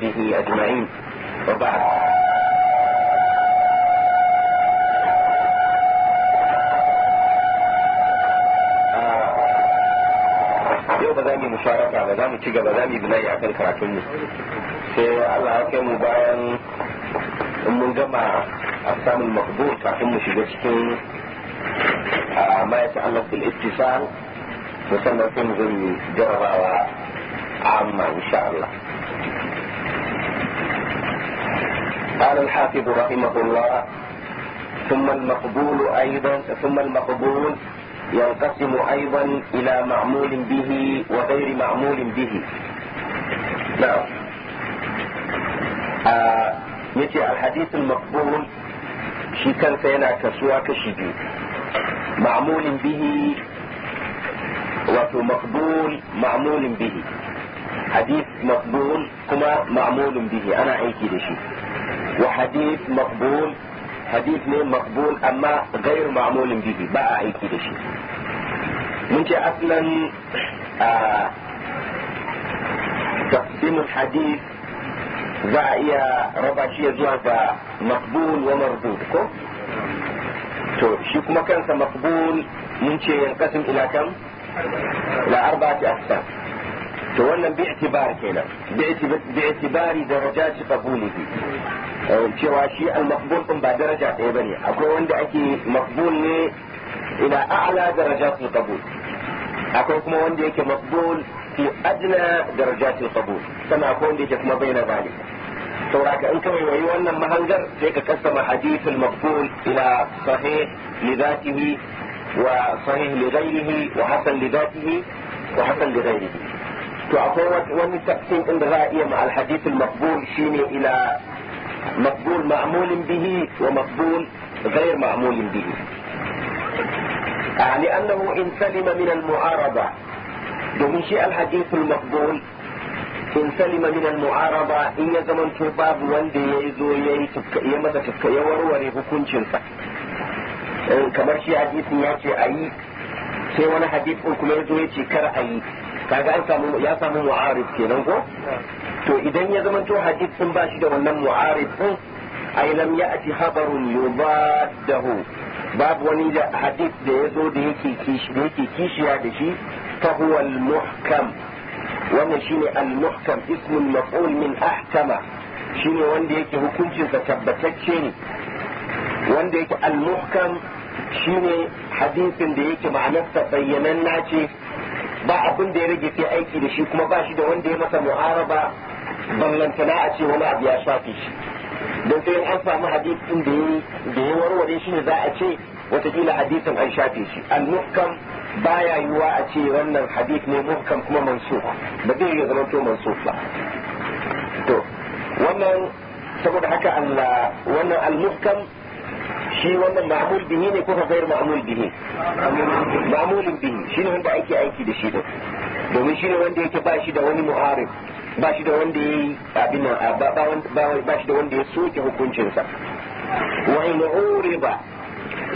وصحبه أجمعين وبعد yau ba za mu musharaka ba za mu ci gaba za mu binayi a kan karatun mu sai Allah ya kai mu bayan mun gama a samun makbul kafin mu shiga cikin ما يتعلق بالاتصال وسنكون ضمن جربة عامة إن شاء الله قال الحافظ رحمه الله ثم المقبول أيضا ثم المقبول ينقسم أيضا إلى معمول به وغير معمول به نعم متى آه، الحديث المقبول شي كان فينا كسوا كشبي معمول به وفي مقبول معمول به حديث مقبول كما معمول به أنا عيكي لشيء وحديث مقبول حديث مين مقبول اما غير معمول به بقى اي كده شيء انت اصلا آه، تقسيم الحديث زائية ربع شيء زوجة مقبول ومردود كم؟ شوف مكان مقبول من شيء ينقسم الى كم؟ الى اربعة اقسام تولم باعتبار هنا باعتبار درجات قبوله كراشي المقبول قم بدرجة ابني اكو عند اكي مقبول الى اعلى درجات القبول اكو كما عند اكي مقبول في ادنى درجات القبول كما اكو عند اكي ما بين ذلك سوراك انت ويوي وانا مهنجر فيك كسم حديث المقبول الى صحيح لذاته وصحيح لغيره وحسن لذاته وحسن لغيره. تعطوت واني تقسيم الغائية مع الحديث المقبول شيني الى مقبول معمول به ومقبول غير معمول به يعني انه ان سلم من المعارضة دمشي الحديث المقبول ان سلم من المعارضة ان يزمن تباب واندي يزو يتبك يمتا تبك يورو واني هكون شنسا كمرشي حديث ياتي اي سيوانا حديث كما يزو يتي كرأي kaga an samu ya samu muarif kenan ko to idan ya zama to hadith sun bashi da wannan mu'arif din ai lam ya'ti habarun yubaddahu babu wani da hadith da ya zo da yake kishi da yake kishiya da shi fa huwa al-muhkam wannan shine al-muhkam ismun maf'ul min ahkama shine wanda yake hukuncin sa tabbatacce ne wanda yake al-muhkam shine hadisin da yake ma'anarsa bayyanan ce. ba abin da ya rage sai aiki da shi kuma ba shi da wanda ya masa mu'araba ballantana a ce wani abu ya shafe shi don sai an samu hadisin da ya warware shi ne za a ce watakila hadisin an shafe shi al-muhkam baya yiwa a ce wannan hadis ne muhkam kuma mansukh ba zai iya zama to mansukh ba to wannan saboda haka Allah wannan al-muhkam shi wannan ma'amul bihi ne ko kafayar ma'amul bihi Ma'amul bihi shi ne wanda ake aiki da shi da domin shi ne wanda yake ba shi da wani mu'arif ba shi da wanda ya yi abin ba shi da wanda ya soke sa wa in uriba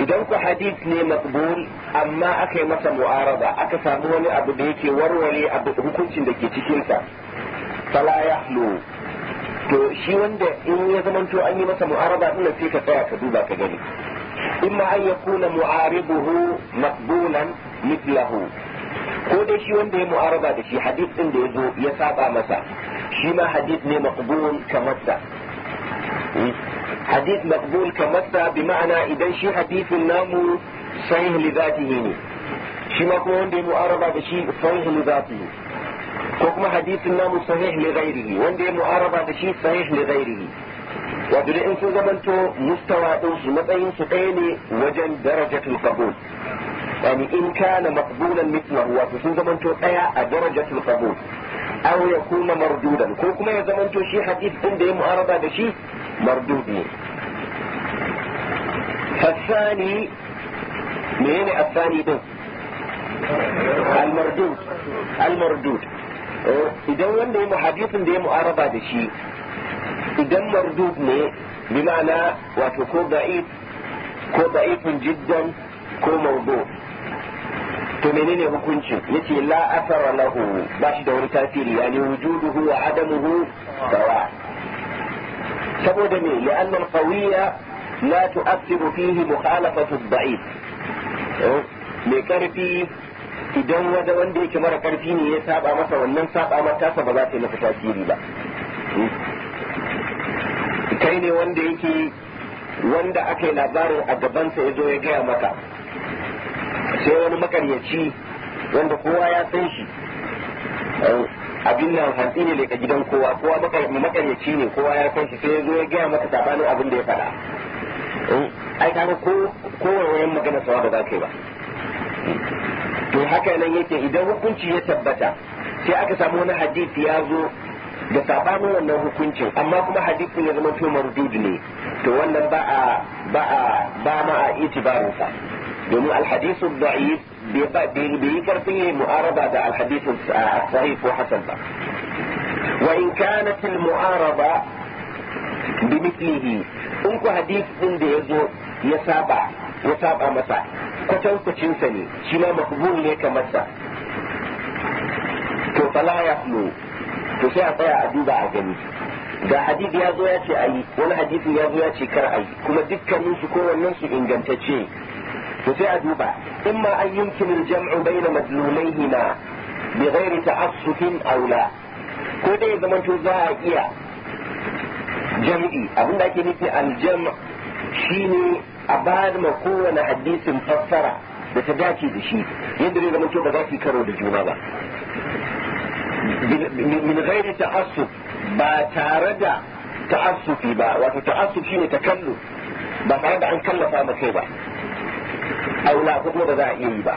idan ku hadith ne maqbul amma aka yi masa mu'araba aka samu wani abu da yake warware abu hukuncin da ke cikinsa fala yahlu to shi wanda in ya zamanto an yi masa mu'araba din sai ka tsaya ka duba ka gani imma an yakuna mu'aribuhu maqbulan mithlahu ko dai shi wanda ya mu'araba da shi hadith din da yazo ya saba masa shi ma hadith ne maqbul kamar sa hadith maqbul kamar sa bi ma'ana idan shi hadithin namu sahih li dhatihi ne shi ma kuma wanda ya mu'araba da shi sahih li dhatihi حكم حديث النام صحيح لغيره وندي معارضة بشيء صحيح لغيره ودل ان في مستوى اوز مطين سقين وجن درجة القبول يعني ان كان مقبولا مثله وفي زمنته ايا درجة القبول او يكون مردودا حكم يا زمنته شيء حديث عندي معارضة بشيء مردود فالثاني مين الثاني ده المردود المردود idan wanda ya muhadifin da ya mu'araba da shi idan mardud ne bi ma'ana wato ko da'if ko da'ifin jiddan ko mawdu to menene hukuncin yace la asara lahu ba shi da wani tasiri yani wujuduhu wa adamuhu sawa saboda me li'anna al-qawiyya la tu'athiru fihi mukhalafatu ad-da'if mai karfi idan wanda wanda yake mara karfi ne ya saba masa wannan saba mata ba za ta yi masa tasiri ba kai ne wanda yake wanda aka yi labarin a gabansa ya zo ya gaya maka sai wani makaryaci wanda kowa ya san shi abin nan hantsi ne daga gidan kowa kowa makaryaci ne kowa ya san shi sai ya zo ya gaya maka sabanin abin da ya faɗa ai kaga ko wayan magana sawa ba za ka yi ba to haka nan yake idan hukunci ya tabbata sai aka samu wani hadisi ya zo da sabanin wannan hukuncin amma kuma hadisin ya zama to mardud ne to wannan ba a ba a ba ma a itibarin sa domin alhadisu da'if bai yi karfin mu'araba da alhadisu sahih ko hasan ba wa in kanat bi bimithlihi in ku hadith din da yazo ya saba ya saba masa kwatankwacinsa ne shi ma makbul ne kamar sa to fala ya to sai a tsaya a duba a gani ga hadisi ya zo ya ce ayi wani hadisi ya zo ya ce kar ayi kuma dukkanin su kowannen su ingantacce to sai a duba in ma an yumkin aljam'u baina madlulaihima bi ghairi ta'assufin aw la ko dai ya zamanto za a iya jam'i abinda ake nufi aljam' shine a bayar ma kowane hadisin fassara da ta dace da shi yadda zai zama ba za su karo da juna ba min ghairi ta'assuf ba tare da ta'assufi ba wato ta'assuf shine takallu ba tare da an kallafa ma kai ba aula ko kuma ba za a iya yi ba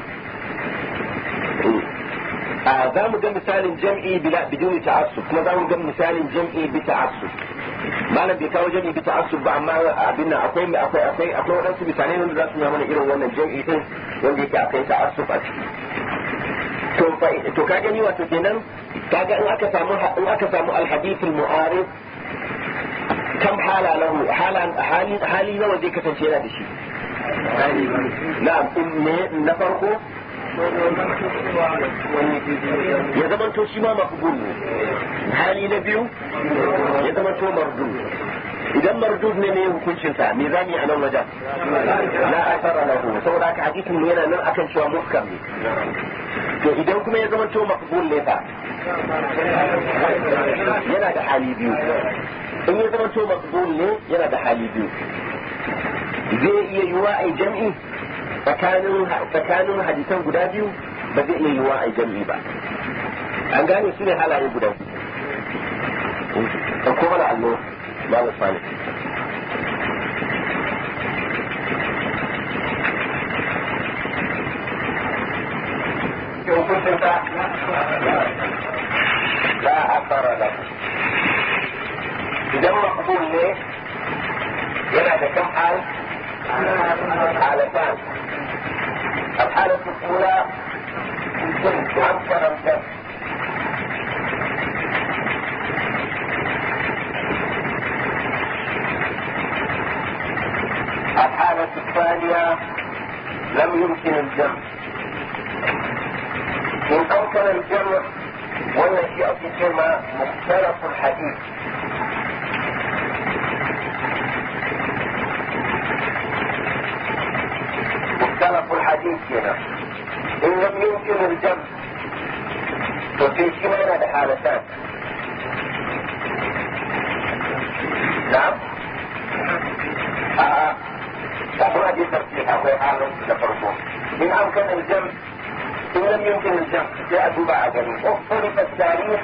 a za mu ga misalin jam'i bila biduni ta'assuf kuma za mu ga misalin jam'i bi ta'assuf malam bai kawo jami'i ta asu ba amma abin nan akwai akwai akwai akwai wadansu bisane wanda za su mana irin wannan jami'i din wanda yake akwai ta asu a ciki to to ka gani wato kenan kaga in aka samu in aka samu alhadith almu'arif kam hala lahu hali hali nawa zai kasance yana da shi na'am in na farko ya zamanto shi ma maqbul ne hali na biyu ya zamanto mardu idan mardu ne ne hukuncin sa me zani a nan wajen la asara lahu saboda ka hadisin yana nan akan cewa muskan ne to idan kuma ya zamanto maqbul ne fa yana da hali biyu in ya zamanto maqbul ne yana da hali biyu zai iya yiwa ai jam'i tsakanin hadisan guda biyu ba zai iya yiwuwa a jam'i ba an gane shi ne halaye guda biyu ko mana allo ba mu sani da أثر له إذا ne yana da كم al حالتان الحالة الأولى الجلد وانشر الدم الحالة الثانية لم يمكن الجمع إن أمكن الجمع والنشيئة الجمع مختلف الحديث سلف الحديث هنا لم يمكن الجمع وفي كمان الحالتان نعم آه. آه. طبعا دي ترتيب اخوي حالهم لفرقون ان امكن الجمع ان لم يمكن الجمع جاءت بعد اختلف التاريخ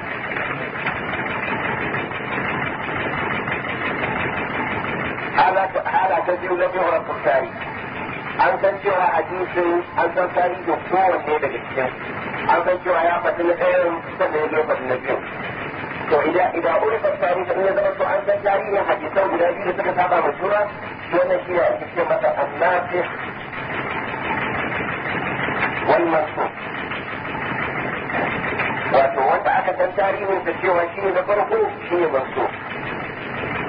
على على تدري لم يغرق التاريخ an san cewa hadisin an san tarihin kowanne daga cikin an san cewa ya faɗi na ɗayan sannan ya faɗi na biyu to idan idan urifa tarihi in ya zama to an san tarihin hadisan guda biyu da suka saba ma juna wannan shi ne ake ce masa annasih wal mansub wato wanda aka san tarihin da cewa shi ne na farko shi ne mansub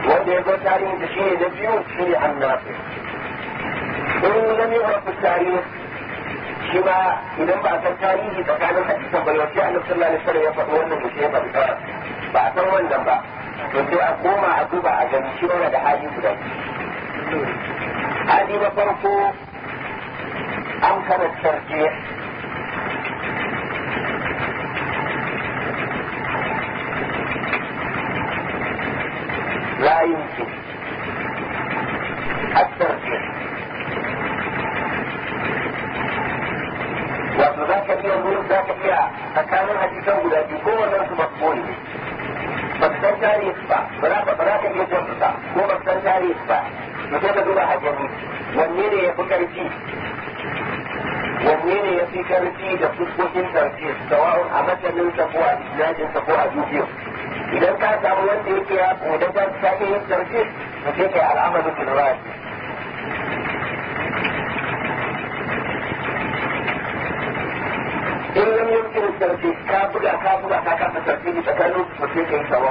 wanda ya zo tarihin da shi ne na biyu shi ne annasih in lam yu'raf at-tarikh shi ba idan ba a san tarihi tsakanin hadisan ba yau sai annabi sallallahu alaihi wasallam ya faɗi wannan da ya faɗi ba a san wannan ba to sai a koma a duba a gani shi ma da hali guda hali na farko an kana لا يمكن الترجيح iya murza tafiya tsakanin hadisan guda biyu ko wannan su ne ba su san tarihi ba ba za ka iya kwantuta ko ba su san tarihi ba mutum ka duba hajjami wanne ne ya fi karfi wanne ne ya fi karfi da fuskokin tarfiyar sawa'un a matsayin ko a isnadin ko a dukiyar idan ka samu wanda yake ya kodatar sake yin tarfiyar mutum ke al'amarin bilwari in lam yumkin sarki ka buga ka buga ka kafa sarki ne tsakanin mutum kai sawa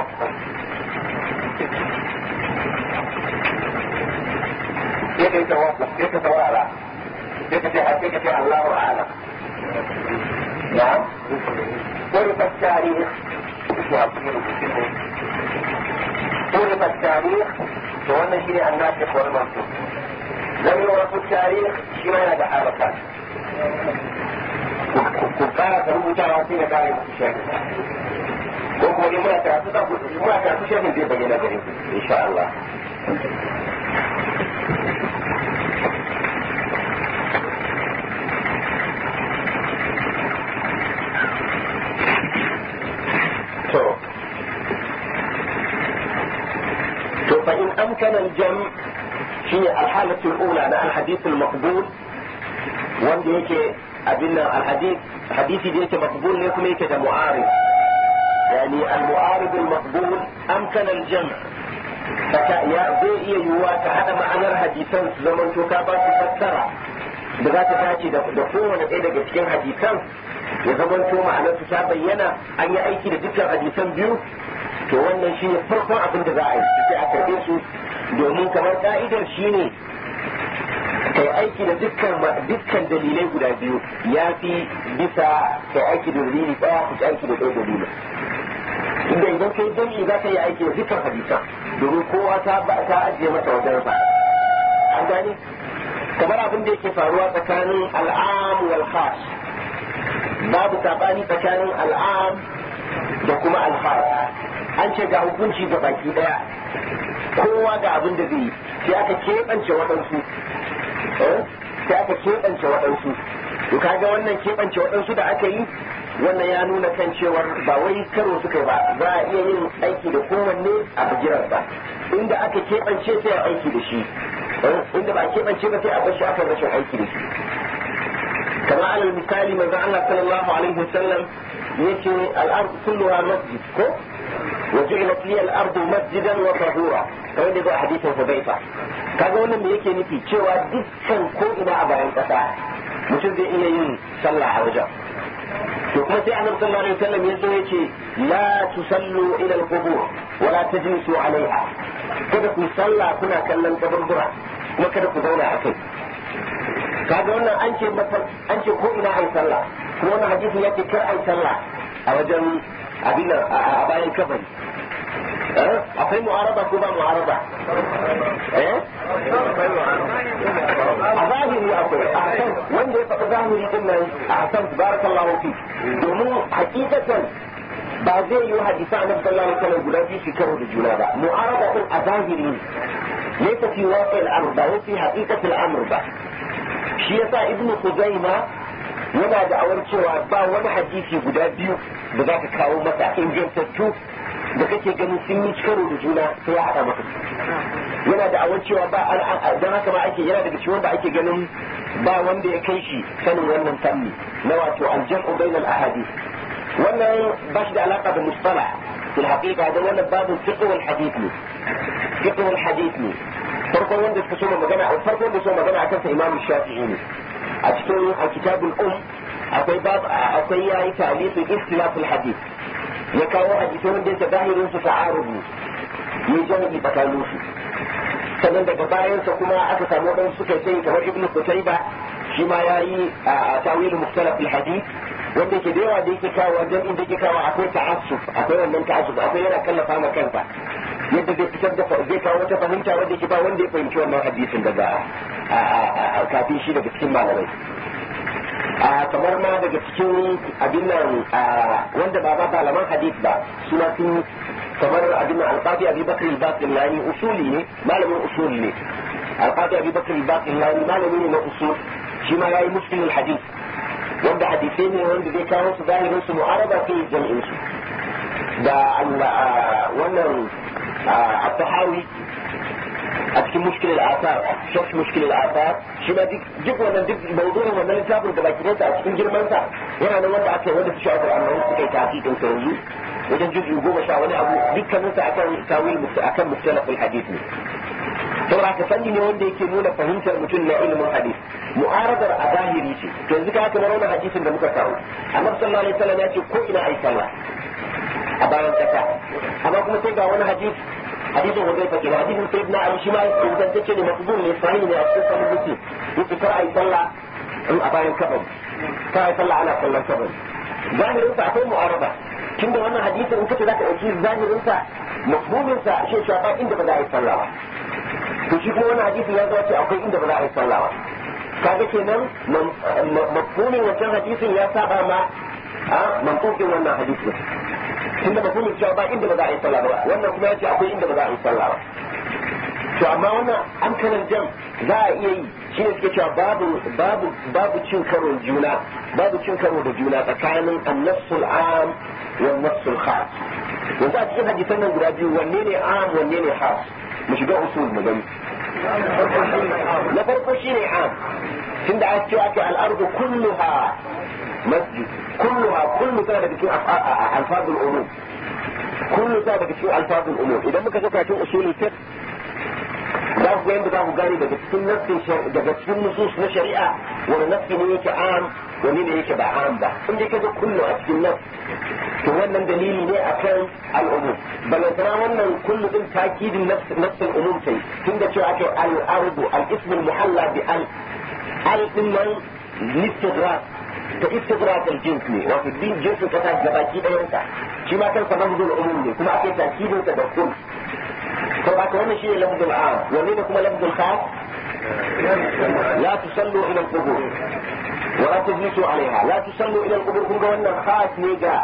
ya kai sawa ya ka saurara ya ka ce har sai ka ce Allahu a'lam na'am wani tarihi shi abu ne rubutun tarihi to wannan shi ne an nace wani masu lam yurafu tarihi shi yana da arafa الكفار فهم متعاطين بعد الشكل وهو لما تعطوك ما تعطوك شكل في بينا ان شاء الله فإن أمكن الجمع في الحالة الأولى على الحديث المقبول وأن وانده أدلة الحديث حديثي ديك مقبول لكم ايك ده معارض يعني المعارض المقبول امكن الجمع فكا يا زي ايه يواك هذا معنى الحديثان زمن تكابا تفسرة بذات فاتي دفوه انا ايه ده جسكين حديثان يا زمن تو معنى تكابا ينا ان يا ايكي ده بيو تو شيني فرقوا عبد الزائي تكا اتركيسو دومين كمان قائدا شيني kai aiki da dukkan dukkan dalilai guda biyu ya fi bisa kai aiki da dalili ɗaya ku aiki da ɗaya dalilin inda idan kai dalili za ka yi aiki da dukkan hadisan domin kowa ta ta ajiye masa wajen sa an gani kamar abin da yake faruwa tsakanin al'am wal khas babu sabani tsakanin al'am da kuma al an ce ga hukunci ga baki daya kowa ga abin da zai yi sai aka keɓance waɗansu Eh? sai aka keɓance waɗansu to kaga wannan keɓance waɗansu da aka yi wannan ya nuna kan cewar ba wai karo suka ba za a iya yin aiki da kowanne a bigiran ba inda aka keɓance sai a aiki da shi eh? inda ba a keɓance ba sai a bashi aka rashin aiki da shi kamar alal misali manzo Allah sallallahu alaihi wasallam yace al-ard kulluha masjid ko وجعلت لي الارض مسجدا وطهورا kamar da zuwa hadisin Hudayfa kaga wannan me yake nufi cewa dukkan ko ina a bayan kasa mutum zai iya yin sallah a wajen to kuma sai annabi sallallahu alaihi wasallam yazo yace la tusallu ila al-qubur wa la tajlisu alaiha kada ku sallah kuna kallon kaburbura kuma kada ku zauna a kai kaga wannan an ce an ce ko ina ai sallah kuma wannan hadisi yake kar ai sallah a wajen abin nan a bayan kabari akwai mu'araba ko ba mu'araba eh a zahiri akwai a hasan wanda ya faɗi zahiri din nan a hasan barakallahu fi domin hakikatan ba zai yi hadisa na sallallahu alaihi wasallam guda biyu shekaru da juna ba mu'araba din a zahiri ne ta fi waƙi al'amur ba wai fi hakikatul amur ba shi yasa ibnu khuzaima yana da da'awar cewa ba wani hadisi guda biyu da za ka kawo masa ingantattu da kake ganin sun yi karo da juna sai ya haɗa maka yana da da'awar cewa ba an don haka ba ake yana daga cewa da ake ganin ba wanda ya kai shi sanin wannan fanni na wato aljan'u bainal ahadith wannan ba shi da alaka da mustala fil haqiqa da wannan babu fiqh wal hadith ne fiqh wal hadith ne farkon wanda suka so magana farkon da so magana akan sa imam shafi'i ne a cikin a kitabul um akwai bab akwai yayi talifu istilaful hadith ya kawo hadisi wanda yake zahirin su ta'arubu ne jami'i tsakanin su sannan daga sa kuma aka samu wadansu suka sai kamar ibnu qutayba shi ma yayi a tawilu mukhtalaf al hadith wanda yake da yawa da yake kawo wajen inda yake kawo akwai ta'assuf akwai wannan ta'assuf akwai yana kallafa ma kansa yadda zai fitar da zai kawo wata fahimta wanda yake ba wanda ya fahimci wannan hadisin daga kafin shi daga cikin malamai a kamar ma daga cikin abin nan wanda ba ba malaman hadith ba suna sun kamar abin nan alqabi abi bakr al-baqillani usuli ne malamin usul ne alqabi abi bakr al-baqillani malami ne na usul shi ma yayi muslim al-hadith wanda hadisai ne wanda zai kawo su zahirin su mu'araba fi jam'in su da wannan at-tahawi a cikin mushkilar asar shaf mushkilar asar shi ma duk wannan duk mawdu'in wannan littafin da baki sa a cikin girman sa yana nan wanda aka yi wanda su shafar amma suka yi tahqiqin sa yanzu wajen juzu goma sha wani abu dukkanin sa akan tawil akan mustalahul hadith ne saboda ka sani ne wanda yake nuna fahimtar mutum na ilimin hadith mu'aradar a zahiri ce to yanzu ka kamar wannan hadisin da muka samu annabi sallallahu alaihi wasallam ya ce ko ina aikala a bayan kasa amma kuma sai ga wani hadith hadisin hudayfa kenan hadisin na abu shi ma ya ingantacce ne mafzul ne sahihi ne a cikin sahih muslim yace kar ai sallah a bayan kabari kar ai sallah ana sallar kabari zahirin sa akwai mu'araba tunda wannan hadisin in kace zaka dauki zahirin sa mafhumin sa shi shi ba inda ba za a yi sallah ba to shi kuma wannan hadisi ya zama ce akwai inda ba za a yi sallah ba kaga kenan mafhumin wancan hadisin ya saba ma a mantukin wannan hadisi tunda ba kuma cewa ba inda ba za a yi sallah ba wannan kuma yace akwai inda ba za a yi sallah ba to amma wannan an kanan jam za a iya yi shi ne suke cewa babu babu babu cin karo juna babu cin karo da juna tsakanin annasul am wa annasul khas yanzu a cikin hadisan nan guda biyu wanne ne am wanne ne khas mu shiga usul mu gani na farko shine am tunda a cewa ake al'ardu kulluha مسجد كلها كل ثابت في الفاظ الامور كل ثابت في الفاظ الامور اذا ممكن تفهم اصول الفقه لو وين بتاعه جاري ده في نفس ده في النصوص الشريعة ولا نفس ميك عام ومين هيك بقى عام ده عندي كده كله في النفس هو من دليل ليه أكل الأمور بل ترى وانا كل ذي تأكيد النفس نفس الأمور في عندك شو أكل الأرض الاسم المحلى بأل الإمام للتدراس to ita ta istigrafin ne wato din jinsi ta ki dayan ɗayansa shi ma kansa lafzul umum ne kuma ake ta kidin tasibinsa da kun to ba ka wannan shi ne lamdul am wanne ne kuma lamdul khas la tusallu ila al-qubur wa la tujlisu alaiha la tusallu ila al-qubur kun ga wannan khas ne ga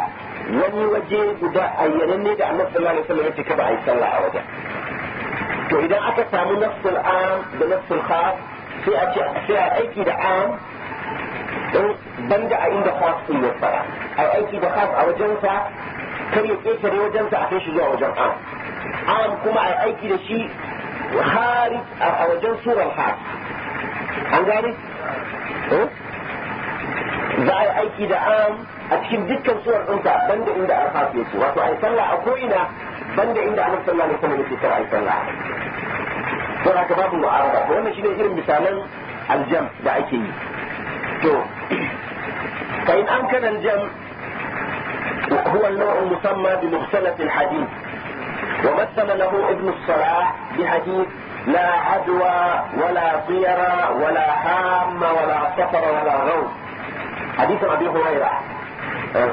wani waje guda ayyanan ne da annabi sallallahu alaihi wasallam yake ce ai a sallah a wajen to idan aka samu nafsul am da nafsul khas sai a ce sai a aiki da am don banda a inda khas din ya fara. a aiki da khas a wajensa kar ya ƙetare wajensa a kai shi zuwa wajen am am kuma a aiki da shi hari a wajen surar khas an gani? Eh? za a yi aiki da am a cikin dukkan suwar ɗinsa banda inda an fasu yake wato a yi sallah a ko'ina banda inda an sallah ne kuma yake kar a yi sallah don haka babu mu'arada ba. wannan shi ne irin misalan aljam da ake yi الجمع فإن أمكن الجمع هو النوع المسمى بمغسلة الحديث ومثل له ابن الصلاح بحديث لا عدوى ولا طير ولا هام ولا سفر ولا غوث حديث أبي هريرة آه.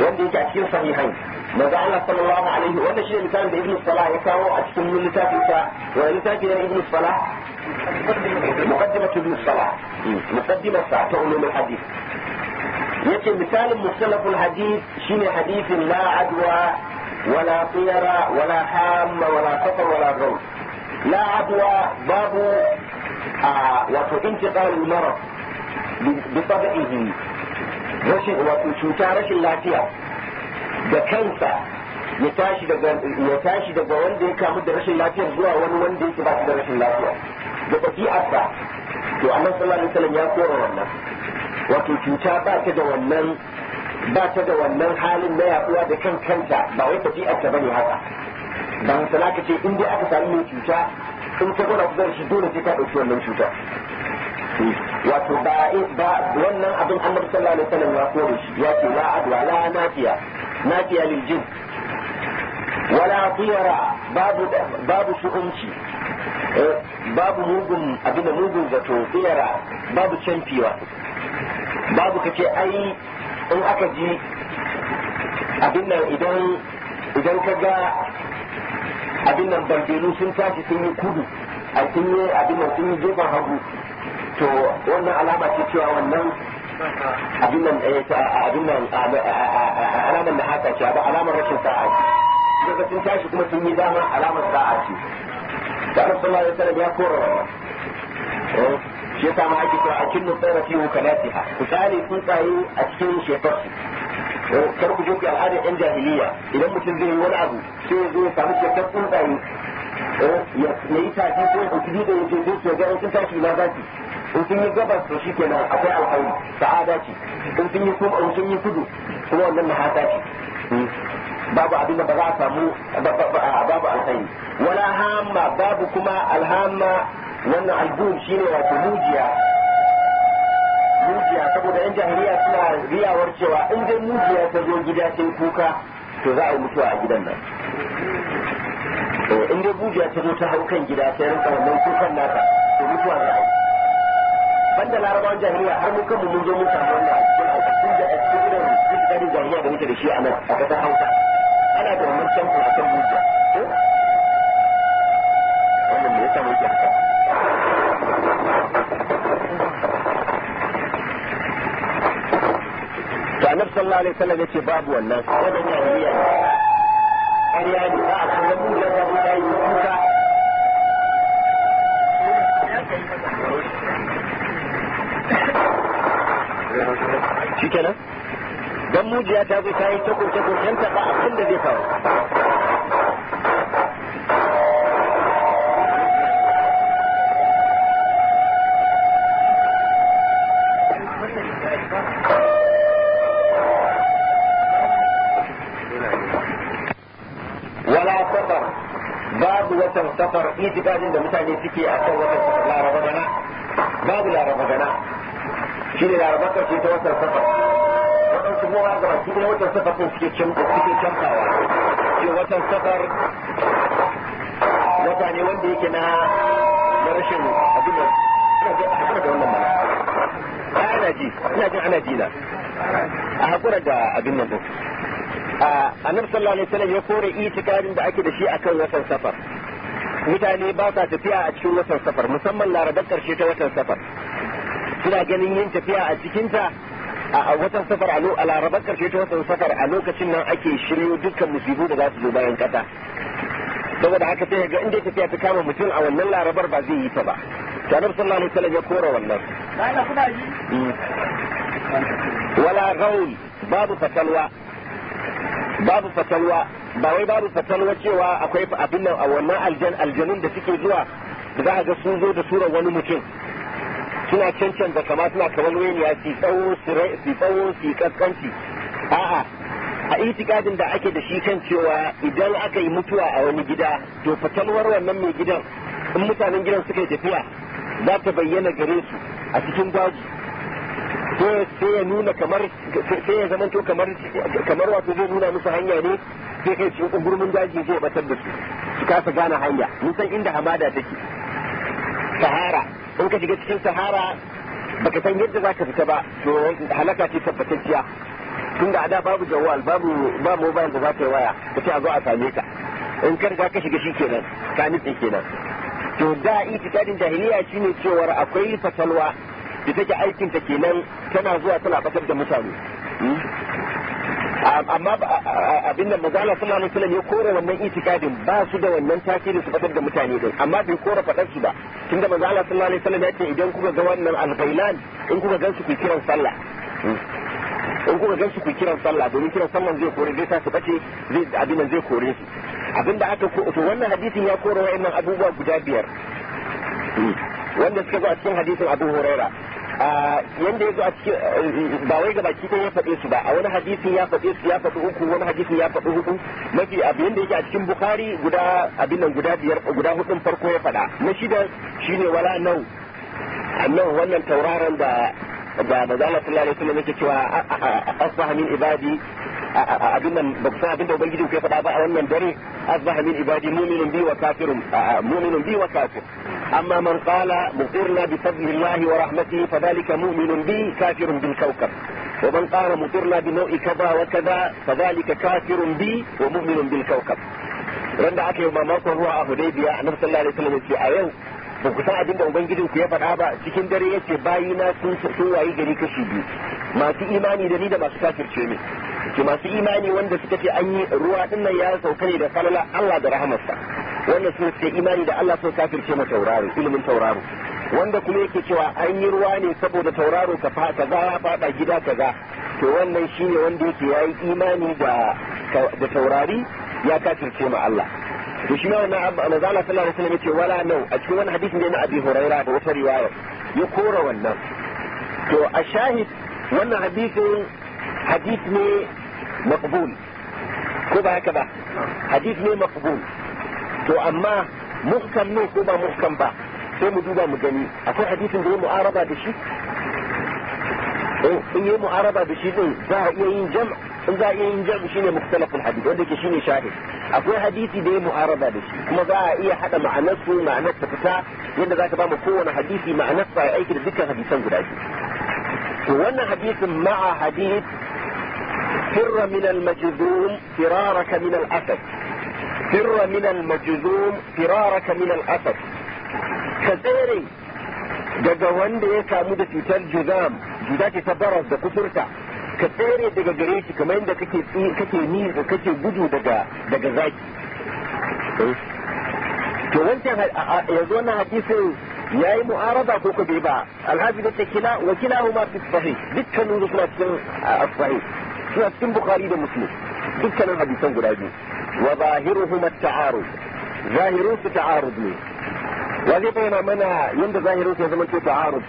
وندي تأثير صحيحين ماذا صلى الله عليه وسلم شيء كان ابن الصلاح يساوى أتكم من نتاكيسا وإن نتاكينا ابن الصلاح مقدمة ابن الصلاح مقدمة ساعة علوم الحديث يجب مثال مختلف الحديث شيء حديث لا عدوى ولا طيرة ولا حام ولا خطر ولا غوث لا عدوى باب آه، انتقال المرض بطبعه رشد وشوتا رشد لا تيار da kansa ya tashi daga ya tashi daga wanda ya kamu da rashin lafiya zuwa wani wanda yake ba shi da rashin lafiya da asa. to annabi sallallahu alaihi wasallam ya kora wannan wato cuta ba ta da wannan ba ta da wannan halin na yaduwa da kan kanta ba wai ɗabi'arta bane haka dan sana ce in dai aka samu mai cuta in ta gwada kusa da shi dole sai ta ɗauki wannan cuta wato ba wannan abin annabi sallallahu alaihi wasallam ya kore shi ya ce la adwa la nafiya Na lil ولا wala باب babu babu باب babu mugun abin زتو mugun zato tiyara babu canfiwa babu kace ai in aka ji abin nan idan idan ka ga abin nan sun tashi sun yi kudu a sun yi abin nan sun yi gefen hagu to wannan alama ce cewa wannan abin nan abin nan alamar da haka ce alamar rashin sa'a ce daga sun tashi kuma sun yi dama alamar sa'a ce da annabi sallallahu alaihi wasallam ya kora wannan shi yasa ma ake cewa akinnu tsara fi wukalatiha ku tsare tsuntsaye a cikin shekarsu kar ku je ku al'adar yan jahiliya idan mutum zai yi wani abu sai ya zo ya samu shekar tsuntsaye ya yi tafi ko ya ɗauki da ya je zai ke ga yankin tashi na zafi in sun yi gabas to shikenan akwai alkhairi sa'ada ce in sun yi kuma in sun yi kudu kuma wannan mahata ce hmm. babu abin da ba za a samu babu alkhairi wala hamma babu kuma alhamma wannan shi shine wato mujiya mujiya saboda yan jahiliya suna riyawar cewa in dai mujiya ta zo gida sai kuka to za a mutuwa a gidan nan in dai mujiya ta zo ta hau kan gida sai rinka wannan kukan nata to mutuwa za a yi banda larabawan jahiliya har mun kanmu mun zo mun samu wannan cikin da cikin da cikin da jahiliya da muke da shi a nan a kasar Hausa ana da wannan canfa a kan mujiya eh? wannan me yasa muke haka to annabi sallallahu alaihi wasallam yace babu wannan wannan jahiliya ne ƙarya ba a kan mujiya da mujiya yi kuka shi kenan dan mujiya ta zo ta yi ta kurce kurcen ta ba abin da zai faru wala safar babu watan safar itikadin da mutane suke a kan watan safar laraba gana babu laraba gana shi ne larabatar ce ta watan safar waɗansu kuma ga baki ɗaya watan safar ɗin suke cankawa ce watan safar wata ne wanda yake na na rashin abin da suna da wannan mana ana ji ina jin ana ji na a hakura da abin nan a annabi sallallahu alaihi wasallam ya kore itikadin da ake da shi akan watan safar mutane ba sa tafiya a cikin watan safar musamman larabar karshe ta watan safar suna ganin yin tafiya a cikinta a watan safar a larabar karshe ta watan safar a lokacin nan ake shiryo dukkan musibu da za su zo bayan kasa saboda haka sai ga inda tafiya ta kama mutum a wannan larabar ba zai yi ta ba to annabi sallallahu alaihi ya kora wannan hmm. wala gaul babu fatalwa babu fatalwa ba wai babu fatalwa cewa akwai abin nan a wannan aljan aljanun da suke zuwa da za a ga sun zo da surar wani mutum suna cancanta kama suna kamar weniya su tsawo su tsawo kaskanci a'a a itikadin da ake da shi kan cewa idan aka yi mutuwa a wani gida to fatalwar wannan mai gidan in mutanen gidan suka yi tafiya za ta bayyana gare su a cikin daji sai ya nuna kamar sai ya zamanto kamar wato zai nuna musu hanya ne sai kai cikin ungurmin daji zai batar da su su kasa gane hanya nisan inda hamada take sahara in ka shiga cikin sahara baka san yadda za ka fita ba to halaka ce tabbatacciya tun da ada babu jawal babu ba mobile da za ka yi waya ka ce a zo a same ka in ka riga ka shiga shi kenan ka nutse kenan to da itikadin jahiliya shine cewar akwai fatalwa da take aikin ta kenan tana zuwa tana batar da mutane hmm? amma abin da mazala suna alaihi wasallam ya kore wannan itikadin ba su da wannan tasiri su fitar da mutane din amma bai kore fadar su ba tunda mazala suna alaihi wasallam ya ce idan kuka ga wannan alghailan in kuka gansu ku kiran sallah hmm. in kuka gansu ku kiran sallah domin kiran sallah zai kore zai sa su bace zai abin nan zai kore su abin da aka to wannan hadisin ya kore wa'annan abubuwa guda biyar hmm. wanda suka zo a cikin hadisin Abu Huraira yanda ya zo a cikin eh, ba wai ga baki ya faɗe su ba a wani hadisi ya faɗe su ya faɗi uku wani hadisi ya faɗi hudu mafi abu yanda yake a cikin bukari guda abin nan guda biyar guda hudun farko ya faɗa na shida shine wala nau annan wannan tauraron da da manzo Allah sallallahu alaihi wasallam yake cewa asbaha min ibadi abin nan ba san abin da ubangiji ke faɗa ba a wannan dare asbaha min ibadi mu'minun bi wa kafirun mu'minun bi wa kafir amma man qala mutirna bi fadlillahi wa rahmatihi fadhalika mu'minun bi kafirun bil kawkab wa man qala mutirna bi naw'i kaza wa kaza مطرنا بنوء كذا وكذا فذلك كافر بي ومؤمن بالكوكب رند mamakon ruwa a hudaybiya annabi sallallahu alaihi wasallam ya ce a yau ba ku san abin da ubangijin ku ya faɗa ba cikin dare yace na sun sun wayi gari kashi biyu masu imani da ni da masu kafirce ne ki masu imani wanda suka ce an yi ruwa din nan ya sauka ne da falala Allah da rahamarsa wanda su ce imani da Allah sun kafirce ma tauraro ilimin tauraro wanda kuma yake cewa an yi ruwa ne saboda tauraro ka fa kaza ya fada gida kaza to wannan shine wanda yake yayi imani da da taurari ya kafirce ma Allah to shi ma wannan manzo Allah sallallahu alaihi wasallam yace wala nau a cikin wani hadisi ne na Abi Huraira da wata riwaya ya kora wannan to a shahid wannan hadisin hadith ne maqbul ko ba haka ba hadith ne maqbul to amma muhkam ne ko ba muhkam ba sai mu duba mu gani akwai hadisin da ya mu'araba da shi eh, in yi mu'araba da shi din za a iya yin jam'a in za a iya yin jabu shine mukhtalafin hadith wanda ke shine shahid akwai hadisi da ya mu'arada da shi kuma za a iya hada ma'anar su ma'anar ta fita yadda za ka ba mu kowane hadisi ma'anar sa aiki da dukkan hadisan guda biyu to wannan hadisin ma'a hadith فر من المجذوم فرارك من الأسد فر من المجذوم فرارك من الأسد كثيري daga wanda ya kamu da cutar juzam cuta ce ta baras da kusurta ka tsere daga gare shi kamar yadda kake kake ni kake gudu daga daga zaki to wancan yanzu wannan hadisin ya yi mu'arada ko ka bai ba alhaji da ta kila wa kila huma fi sahih dukkanin su suna cikin sahih suna cikin bukhari da muslim dukkanin hadisan guda biyu wa zahiruhuma ta'arud zahirun su ta'arud ne wa zai bayyana mana yadda zahirin su ya zama ce ta'arud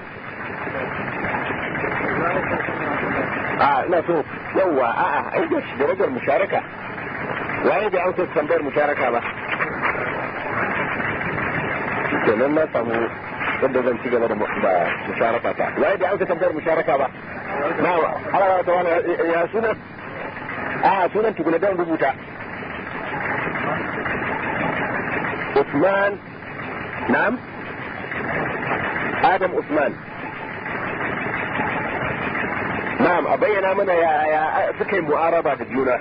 ina so yawwa a'a ai da shi darajar musharaka waye da an tambayar musharaka ba da nan na samu yadda zan ci gaba da musharaka ta waye da an tambayar musharaka ba na ala ta wani ya sunan a sunan tukuna dan rubuta Usman Nam Adam Usman نعم أبين منا يا يا فكر مؤاربة ديونا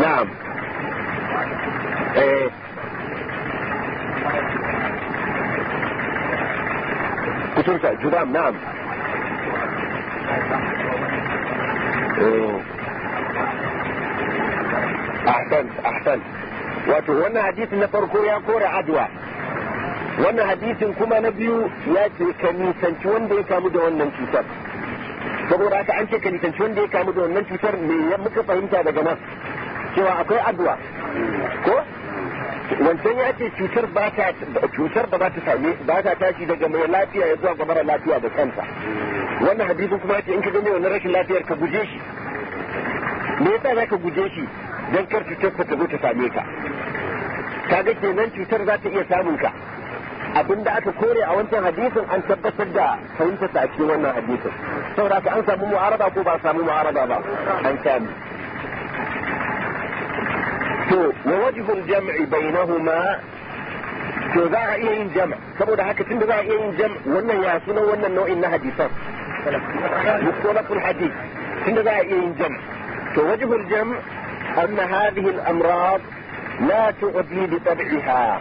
نعم ايه كتبت جدام نعم احسنت احسنت وانا حديث النفر كوريا كوريا عدوى wannan hadisin kuma na biyu ya ce ka nisanci wanda ya kamu da wannan cutar saboda haka an ce ka nisanci wanda ya kamu da wannan cutar me ya muka fahimta daga nan cewa akwai addu'a ko wancan ya ce cutar ba ta cutar ba ta same ba ta tashi daga mai lafiya ya zuwa ga mara lafiya da kanta wannan hadisin kuma ce in ka gane wannan rashin lafiyar ka guje shi me yasa za ka guje shi dan kar cutar ta zo ta same ka kaga kenan cutar za ta iya samun ka abinda aka kore a wancan hadisin an tabbatar da fahimtar ta a cikin wannan hadisin saboda ka an samu mu'araba ko ba samu mu'araba ba an samu to wa wajhul jam'i bainahuma to za a iya yin jam' saboda haka tunda za a iya yin jam' wannan ya suna wannan nau'in na hadisan mustalahul hadith tunda za a iya yin jam' to wajhul jam' أن هذه الأمراض لا تؤذي بطبعها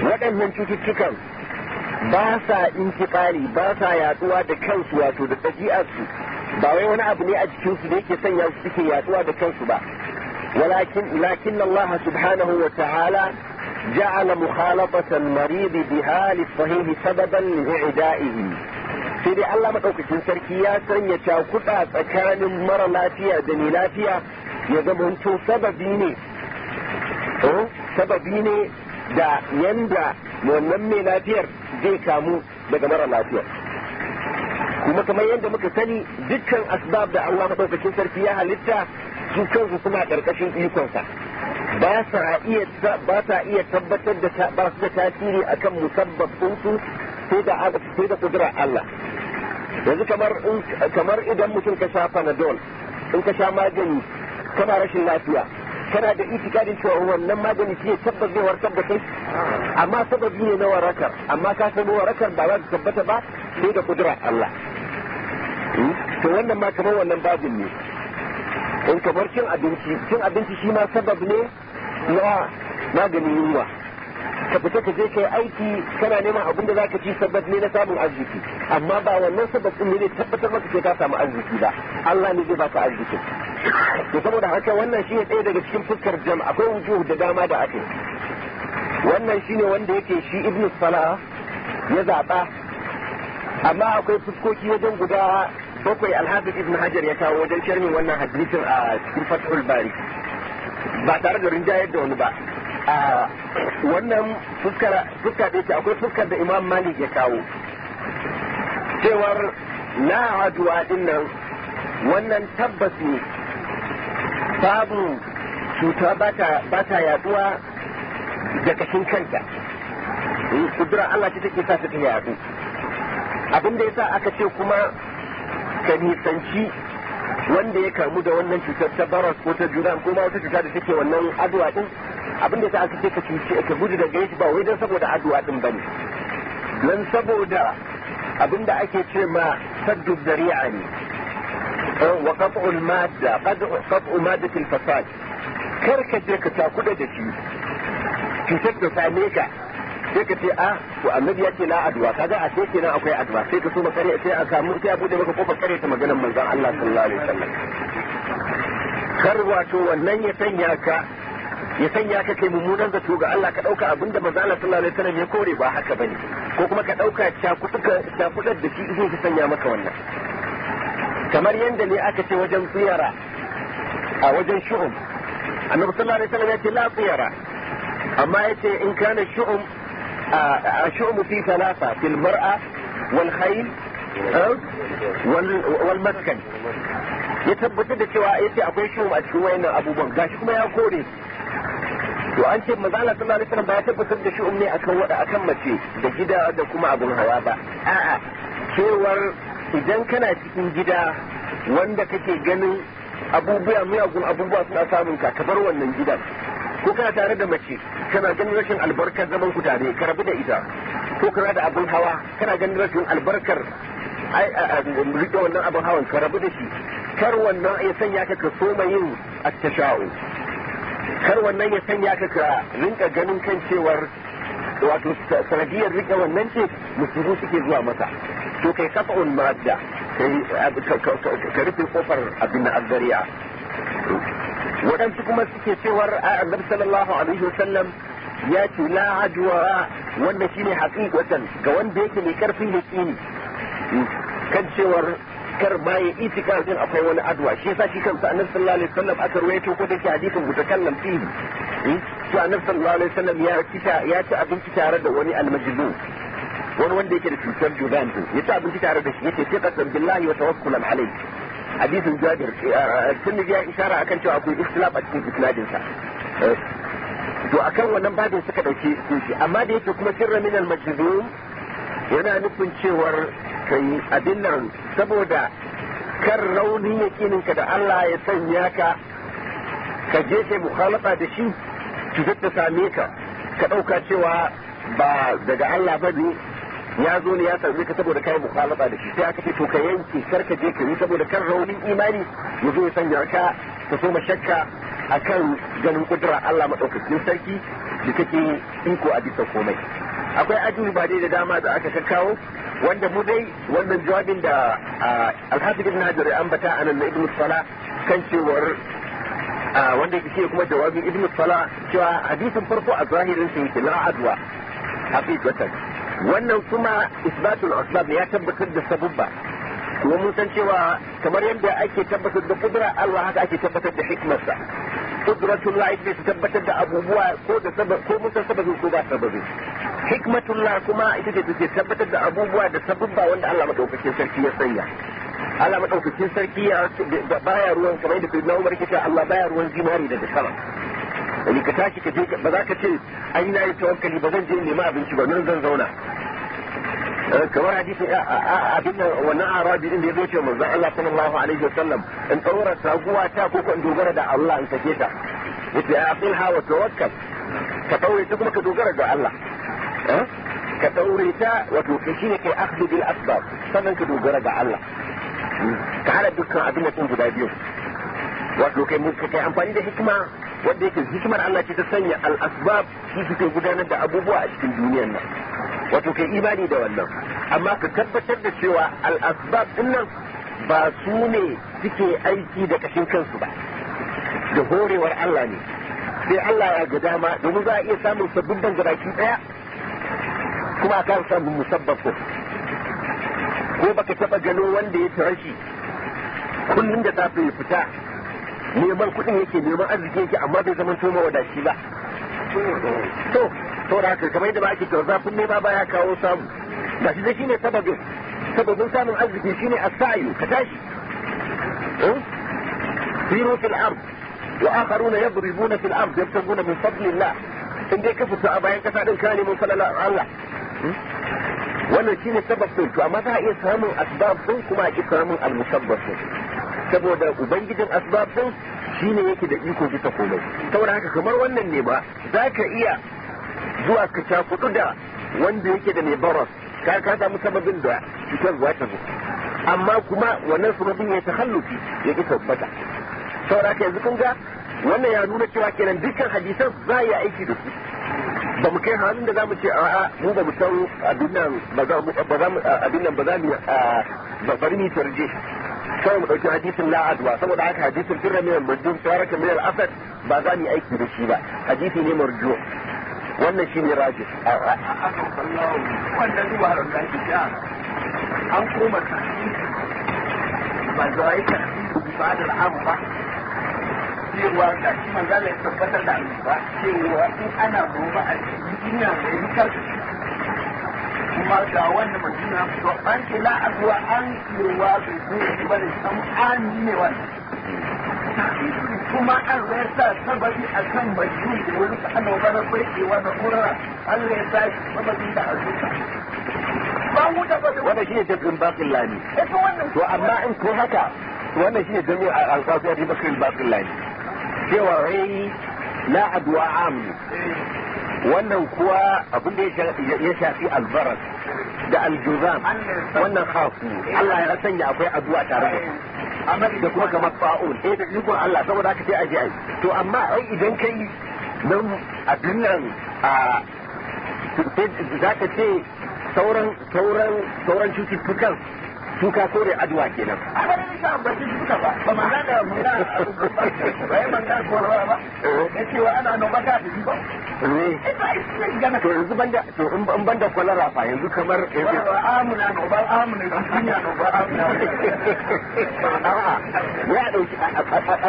waɗannan cututtukan ba sa intiƙali ba sa yaduwa da kansu wato da ɗabi'arsu ba wai wani abu ne a jikinsu da yake sanya su suke yaduwa da kansu ba walakin lakin Allah subhanahu wa ta'ala ja'ala mukhalafatan marid biha lis-sahih sababan li'ida'ihi sai dai Allah maɗaukacin sarki ya sanya cakuɗa tsakanin mara lafiya da mai lafiya ya zama sababi ne eh, sababi ne da yanda wannan mai lafiyar zai kamu daga mara lafiyar kuma kamar yadda muka sani dukkan asbab da Allah madaukakin sarki ya halitta su kansu suna karkashin ikonsa ba sa iya ba sa iya tabbatar da ba su da tasiri akan musabbab ɗinsu sai da da kudura Allah yanzu kamar kamar idan mutum ka sha panadol in ka sha magani kana rashin lafiya kana da itikadin cewa wannan magani shi tabbas zai warkar da kai amma sababi ne na warakar amma ka san warakar ba za ta tabbata ba sai da kudura Allah hmm? to wannan ma kamar wannan babin ne in kamar cin abinci cin abinci shi ma sabab ne na maganin yunwa ka fita ka je kai aiki kana neman abin da zaka ci sabab ne na samun arziki amma ba wannan sabbat ne zai tabbatar maka sai ka samu arziki ba Allah ne zai baka arziki to saboda haka wannan shine ɗaya daga cikin fuskar jam akwai wujuh da dama da ake wannan shine wanda yake shi ibnu Sala ya zaɓa amma akwai fuskoki wajen guda bakwai alhafiz ibn hajar ya kawo wajen sharhin wannan hadisin a cikin fathul bari ba tare da rinjayar da wani ba a wannan fuskar da yake akwai fuskar da imam malik ya kawo cewar na haduwa dinnan wannan tabbas ne babu cuta ba ta yaduwa da kashin kanta kudura Allah ce take sa ta yadu abin da sa aka ce kuma ka nisanci wanda ya kamu da wannan cutar ta baras ko ta jura ko ma wata cuta da take wannan aduwa din abin da sa aka ce ka cuce ka gudu da shi ba wai dan saboda aduwa din bane dan saboda abin da ake ce ma saddu dari'a ne وقطع المادة قطع مادة الفساد كركة كتاكودة دشي cutar da same ka sai ka ce a to annabi ya ce la adwa kaga a sai kenan akwai adwa a samu a bude maka kofar kare ta maganar wannan ya sanya ka ya sanya ka kai mummunan zato ga Allah ka dauka abinda manzo Allah sallallahu alaihi wasallam ya kore ba haka bane ko kuma ka dauka cakudar da shi zai sanya maka wannan kamar yadda ne aka ce wajen tsiyara a wajen shu'um annabi sallallahu alaihi wasallam ya ce la tsiyara amma ya ce in kana shu'um a shu'um fi salasa fil mar'a wal khayl eh, wal maskan ya tabbatar da cewa ya ce akwai shu'um a cikin wayannan abubuwan gashi kuma ya kore to an ce manzo Allah sallallahu alaihi wasallam ba ya tabbatar da shu'um ne akan wada akan mace da gida da kuma abun hawa ba a'a cewar idan kana cikin gida wanda kake ganin abubuwa miyagun abubuwa suna samun ka ka bar wannan gidan ko kana tare da mace kana ganin rashin albarkar zaman ku tare ka rabu da ita ko kana da abin hawa kana ganin rashin albarkar rike wannan abin hawan ka rabu da shi kar wannan ya sanya ka ka soma yin attasha'u kar wannan ya sanya ka ka rinka ganin kan cewar wato sanadiyar rike wannan ce musulmi suke zuwa masa to kai kafa'un madda ka rufe kofar abin azzari'a waɗansu kuma suke cewar annabi sallallahu alaihi wasallam ya ce la ajwa wanda shine haqiqatan ga wanda yake mai karfin yaqini kan cewar kar ma ya itikar din akwai wani adwa shi yasa shi kansa annabi sallallahu alaihi wasallam aka ruwaito ko dake hadisin mutakallam fihi to annabi sallallahu alaihi wasallam ya ci ya ci abinci tare da wani almajnun wani wanda yake da cutar judan ya ci abinci tare da shi yake fiqatan billahi wa tawakkulan alayhi hadisin jabir eh, tun ya isara akan cewa akwai istilaf a cikin isnadin sa eh, to akan wannan babin suka dauke shi amma da yake kuma sirra min al majzum yana nufin cewar kai abin nan saboda kan raunin yakininka da Allah ya sanya ka ka je kai mukhalata da shi cutar ta same ka ka dauka cewa ba daga Allah ba ne ya zo ne ya same ka saboda kai mukhalafa da shi sai aka ce to ka yanke kar ka je ka yi saboda kan raunin imani ya zo ya sanya ka ka shakka akan ganin kudura Allah madaukakin sarki da kake iko a bisa komai akwai ajin ba da dama da aka kakkawo wanda mu dai wannan jawabin da alhafiz ibn hajar ya ambata anan na ibn sala kan cewar wanda yake shi kuma jawabin ibn sala cewa hadisin farko a zahirin sa yake la adwa haqiqatan wannan kuma isbatul asbab ya tabbatar da sabubba kuma mun san cewa kamar yadda ake tabbatar da kudura Allah haka ake tabbatar da hikmarsa qudratullah ne su tabbatar da abubuwa ko da sabab ko mun san sababin ko ba sababin la kuma ita ce take tabbatar da abubuwa da sabubba wanda Allah madaukakin sarki ya sanya Allah madaukakin sarki ya baya ruwan kamar yadda Sayyidina Umar yake Allah baya ruwan zinari daga sama yi ka tashi ka je ba za ka ce ai na yi tawakkali ba zan je nema abinci ba nan zan zauna eh, kamar hadisin abin nan wannan arabi din da ya zo ce manzon Allah sallallahu alaihi wasallam in tsawara saguwa ta ko in dogara da Allah in sake ta yace a aqil hawa tawakkal ka taure ta kuma ka dogara ga Allah eh, ka daure ta wato ka shine kai akhdhu bil asbab sannan ka dogara ga Allah hmm, ka hada dukkan abin da sun guda biyu wato kai ka kai amfani da hikima wanda yake hikimar Allah ce ta sanya alasbab shi suke gudanar da abubuwa a cikin duniyar nan wato kai imani da wannan amma ka tabbatar da cewa al'asbab dinnan ba su ne suke aiki da kashin kansu ba da horewar Allah ne sai Allah ya ga dama domin za a iya samun sabbin bangaraki daya kuma a kan samun musabbab ko ko baka taba ganin wanda ya tarashi kullum da safe ya fita neman kuɗin yake neman arziki yake amma bai zama tuma wadashi ba to to da haka kamar yadda ba ake cewa zafin nema baya kawo samu da shi zai shine sababin sababin samun arziki shine a sayu ka tashi siru hmm? fil ard wa akharuna yadribuna fil ard yabtaguna min fadlillah in dai ka fita a bayan kasa din kana neman falalar Allah hmm? wannan shine sabab din to amma za a iya samun asbab din kuma a ki samun al-musabbab din saboda ubangijin asbab din shine yake da iko bisa komai saboda haka kamar wannan ne ba za ka iya zuwa ka cakudu da wanda yake da mai baras ka ka samu sababin da cutar zuwa ta zo amma kuma wannan sababin ya ta halluki ya ki tabbata saboda haka yanzu kun ga wannan ya nuna cewa kenan dukkan hadisan za a yi aiki da su ba mu kai halin da za mu ce a mu ba mu san abin nan ba za mu abin nan ba za ni tarje sai mu ɗauki hadisin la adwa saboda haka hadisin firra min al-majnun saraka min al-asad ba za mu aiki da shi ba hadisi ne marju wannan shi ne rajin wannan dubarar da ake da an koma ba za a yi fadar abu ba cewa da shi manzala ya tabbatar da abu ba cewa in ana goma a cikin duniya da yi karfi amma ga wannan mutum na fito an la an kirowa bai zuwa ba da san an ne kuma ya sa sabari a kan majiyun da wani ana wani kurara ya sa sabari da azuka wannan shi ne jirgin bakin lani eh, to amma in ko haka wannan shi ne jirgin ya fi bakin lani cewa rai la amu eh. wannan kuwa abin da ya shafi albaras da aljuzam wannan hafu Allah ya sanya akwai addu'a tare da su amma da kuma kamar fa'ul eh da ikon Allah saboda haka sai a je ai to amma ai idan kai nan abin nan a za ka ce sauran sauran sauran cututtukan su kore aduwa kenan a ba ni sha ba ba ba man da mu da ba ba cewa ana nan ba ka shi ba ne to yanzu banda yanzu kamar amuna no ba amuna amuna a'a ya dauki a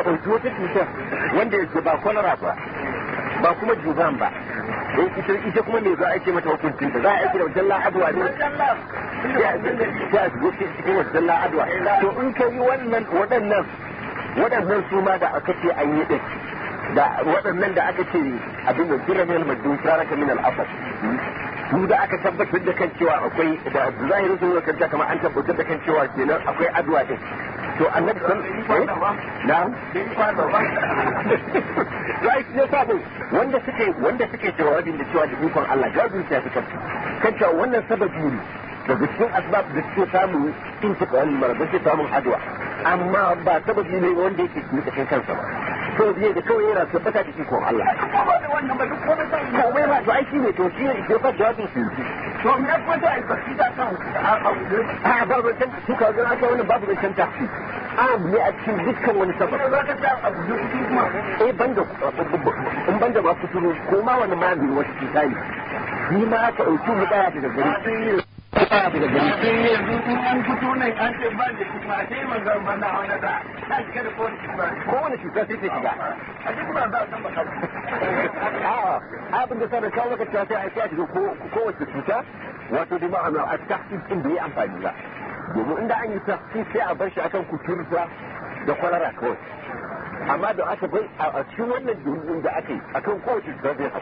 dauki wata cutar wanda yake ba kwalara ba kuma juban ba eh, ita ita kuma me za a ce mata hukuncin ta za a ce da jalla adwa ne ya ya gobe cikin wajen adwa to in ka wannan waɗannan waɗannan su ma da aka ce an yi ɗin da waɗannan da aka ce abin da jira ne almadun saraka min al'afar mu da aka tabbatar da kan cewa akwai da zahirin sun kan ta kamar an tabbatar da kan cewa kenan akwai adwa din to annabi san na right ne sabon wanda suke wanda suke jawabin da cewa jikon Allah jazin ta fi kanta kan cewa wannan sababi ne daga cikin asbab da suke samun intiqal marar da suke samun adwa amma ba sababi ne wanda yake cikin kansa ba so biye da kawai yana so fata da ko Allah ma to ai shi ne to shi ne ke fata jawabin to ko da kan a su ka aka wani babu da a ne a cikin dukkan wani sabab eh banda in banda ba fituru ko ma wani ma wasu tsari ni ma ka ɗauki mu da daga gari fara daga gari sai yanzu in an fito nan an ce ban da sai manzon banda wani da ta shiga da kowane cuta kowane cuta sai ta shiga a duk ba za a san ba a'a abin da kawo ka cuta a kowace cuta wato da ma'ana a tahsis din da ya amfani ba domin inda an yi tafi sai a bar shi akan kuturta da kwalara kawai amma da aka bai a cikin wannan duhun da aka yi akan kowace cuta zai hau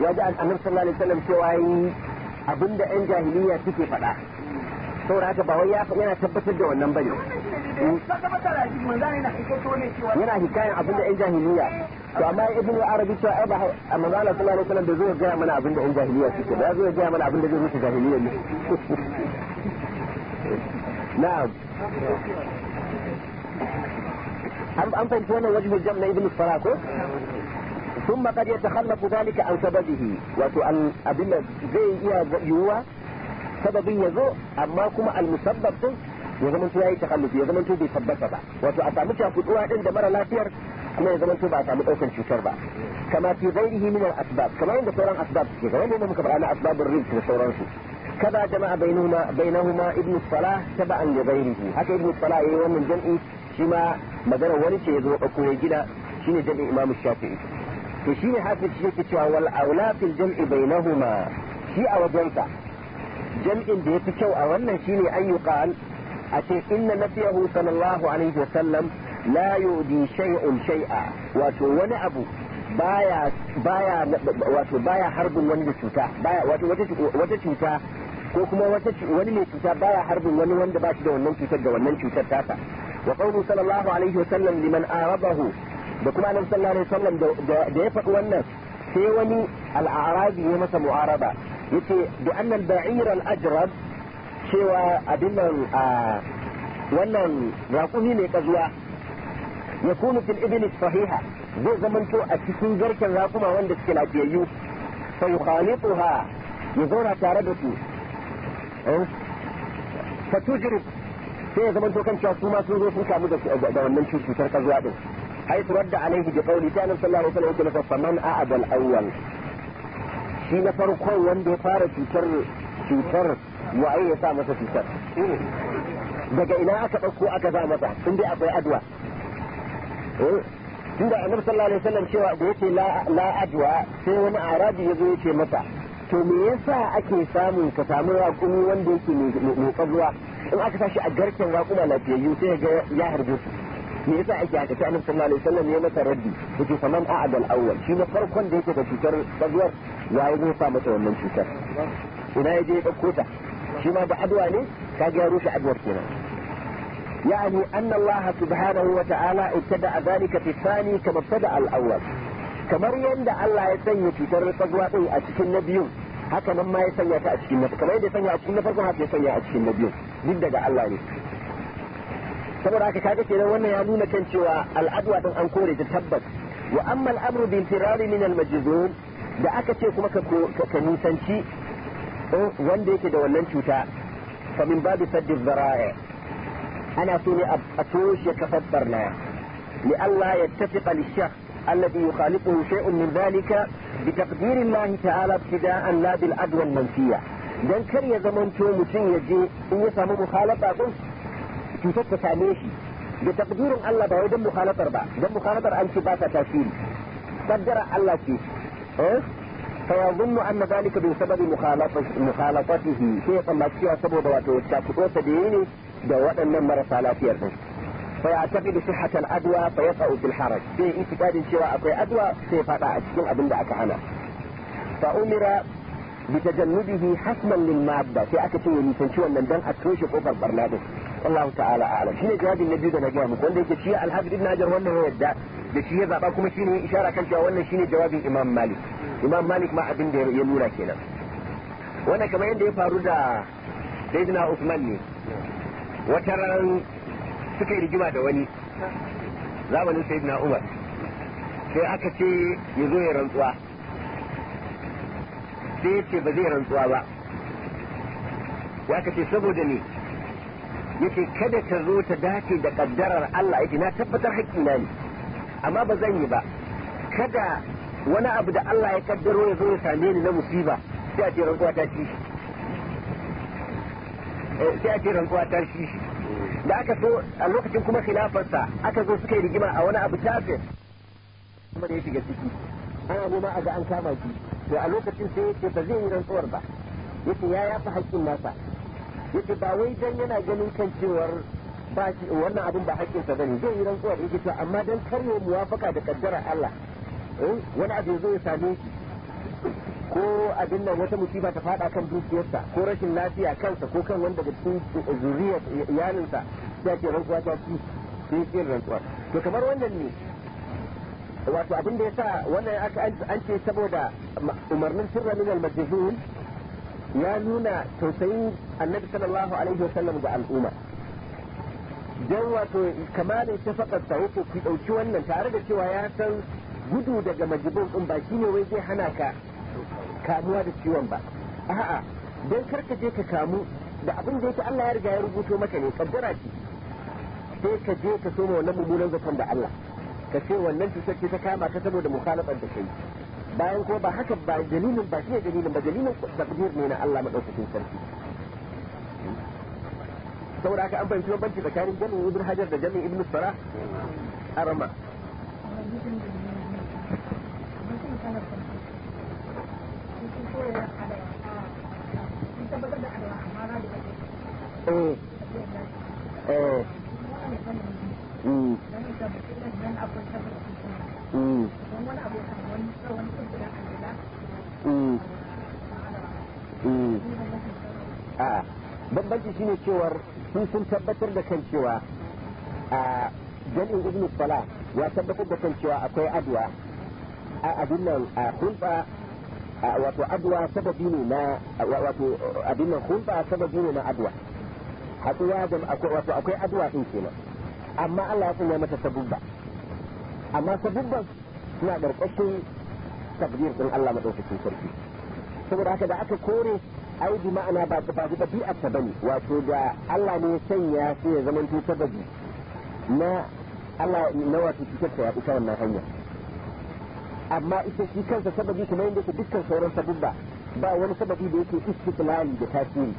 ya ji annabi sallallahu alaihi wasallam cewa yi abinda yan jahiliya suke faɗa saboda haka ba wai yana tabbatar da wannan bane yana hikayen abinda yan jahiliya to amma ibn arabi cewa ai ba amma Allah sallallahu alaihi wasallam da zai ga mana abinda yan jahiliya suke ba zai ga mana abinda zai rufe jahiliya ne na'am an fahimci wannan wajen jam na ibn farako ثم قد يتخلف ذلك عن سببه وتؤل أدلة زي يوا سبب يزو أما كما المسبب ya zamanto ya yi takallufi ya zamanto bai tabbata ba wato a samu cakuduwa din da mara lafiyar kuma ya zamanto ba a samu cutar ba kama fi ghairihi min al asbab kama inda sauran asbab suke kamar yadda muka faɗa na asbabur rizq da sauransu kada jama'a bainahuma bainahuma ibn salah taban li ghairihi haka ibn salah yayi wannan jam'i shima ma magana wani ce ya zo dauko ya gina shine jam'in imam shafi'i to shi ne hafiz shi yake cewa wal aula fil jam'i bainahuma shi a wajensa jam'in da yafi kyau a wannan shine ayyukan a ce inna nafiyahu sallallahu alaihi wasallam la yudi shay'un shay'a wato wani abu baya baya wato baya harbin wani da cuta baya wato wata wata cuta ko kuma wata wani mai cuta baya harbin wani wanda ba shi da wannan cutar da wannan cutar tasa wa qawlu sallallahu alaihi sallam liman arabahu da kuma annabi sallallahu alaihi wasallam da ya faɗi wannan sai wani al'arabi ya masa mu'araba yace bi anna al-ba'ir al-ajrab cewa abin nan wannan raƙumi mai kazuwa ya kunu fil ibn sahiha zai zamanto a cikin garken raƙuma wanda suke lafiyayyu fa yukhalituha ya zauna tare da su eh, fa tujrib sai ya zamanto kan cewa su ma sun zo sun kamu da wannan cutar kazuwa din حيث رد عليه بقوله كان صلى الله عليه وسلم يقول فمن أعد الأول shi na farko wanda fara cutar cutar waye ya sa masa cutar daga ina aka ɗauko aka sa masa tun dai akwai adwa tun da annabi sallallahu alaihi wasallam cewa da yake la sai wani arabi ya zo ya to me yasa ake samun ka samu raƙumi wanda yake mai tsaruwa in aka sa a garken raƙuma lafiyayyu sai ga ya harbe su me yasa ake haka sai annabi sallallahu alaihi wasallam ya masa raddi yace faman a'ada al-awwal shi ne farkon da yake da cutar bazuwar yayi ne sa mata wannan cutar ina yaje ya dauko ta shi ma da adwa ne kaga ya rushe adwar kenan yani anna Allah subhanahu wa ta'ala zalika fi thani kama al-awwal يعني أن الله سبحانه وتعالى ابتدأ ذلك في الثاني كما ابتدأ الأول كما يند الله يسني في شر الفجوة أشك النبي هكذا ما يسني أشك النبي كما يسني أشك النبي هكذا يسني أشك daga Allah ne saboda haka kaga kenan wannan ya nuna kan cewa al'adwa din an kore ta tabbas wa amma al'amru bi intirari min al majzum da aka ce kuma ka ka nisanci wanda yake da wannan cuta fa min babu saddi zara'i ana so ne a toshe kafar barna li Allah ya tafiqa li shaykh alladhi yukhaliquhu shay'un min dhalika bi taqdiri Allah ta'ala ibtida'an la bil adwa al manfiya dan kar ya zamanto mutum yaje in ya samu mukhalafa din cutar ta same shi da takdirin Allah ba wai don mukhalatar ba don mukhalatar an ce ba ta tasiri kaddara Allah ce eh fa yadhunnu anna zalika bi sababi mukhalafatihi sai ya falla cewa saboda wato ta fito ta da yini da waɗannan marasa lafiyar din fa ya'taqidu sihhat al-adwa fa yaqa'u bil haraj sai itikadin cewa akwai adwa sai fada a cikin abin da aka hana fa umira aka ce ya nisanci wannan dan a toshe kofar barna البرنادس wallahu ta'ala a'lam shine jawabin na biyu da na gaya muku wanda yake shi al-hafiz ibn hajar wannan ya yadda da shi ya zaba kuma shine ishara kan cewa wannan shine jawabin imam malik imam malik ma abin da ya nuna kenan wannan kamar yadda ya faru da sayyidina usman ne wata ran suka yi rigima da wani zamanin sayyidina umar sai aka ce ya zo ya rantsuwa sai ya ce ba zai rantsuwa ba ya aka ce saboda ne yace kada ta zo ta dace da kaddarar Allah yace na tabbatar haƙƙina ne amma ba zan yi ba kada wani abu da Allah ya kaddaro ya zo ya same ni na musiba sai a ce rantsuwa ta ci eh, sai a ce rantsuwa ta ci da aka so a lokacin kuma khilafarsa aka zo suka yi rigima a wani abu tafe kuma da ya shiga ciki ana noma a ga an kama shi to a lokacin sai ya ce ba zai yi rantsuwar ba yace ya yafi haƙƙin nasa yake ba wai dan yana ganin kan cewar ba wannan abin ba haƙƙinsa bane zai yi rantsuwa da amma dan karye muwafaka da kaddara Allah eh, wani abu zai same shi ko abin nan wata musiba ta fada kan dukiyarsa ko rashin lafiya kansa ko kan wanda daga cikin zuriyar iyalinsa ya ke rantsuwa ta ci sai kin rantsuwa to kamar wannan ne wato abin da sa wannan aka an ce saboda umarnin sirra min al ya nuna tausayin annabi sallallahu alaihi wasallam ga al'umma don wato kamarin shafakar sa wato ku ɗauki wannan tare da cewa ya san gudu daga majibin ɗin ba shine wai zai hana ka kamuwa da ciwon ba a'a don karka je ka kamu da abin da yake Allah ya riga ya rubuto maka ne kaddara ce sai ka je ka soma wannan mummunan zaton da Allah ka ce wannan cutar ce ta kama ta saboda mukhalafar da kai bayan ko ba haka ba dalilin ba shi dalilin ba dalilin tafsir ne na Allah madaukakin sarki saboda haka an fahimci banci tsakanin jami'in ibn hajar da jami'in ibn sara arama eh eh mm. Banbanci mm. mm. ah, bambanci shine cewar sun sun tabbatar da kan cewa a ah, jami'in ibn sala ya tabbatar da kan cewa akwai adwa a abin nan a hulba wato adwa sababi ne na wato abin nan sababi ne na adwa haɗuwa da wato akwai adwa ɗin kenan amma Allah ya tsaye mata sabubba amma sabubban suna ƙarƙashin tabbir ɗin Allah maɗaukakin sarki saboda haka da aka kore ai bi ma'ana ba ta bi ɗabi'ar ta bane wato da Allah ne sanya sai ya zama to sababi na Allah na wato cutar ta ya ita wannan hanya amma ita shi kansa sababi kuma yadda yake dukkan sauran sababba ba wani sababi da yake istiqlali da tasiri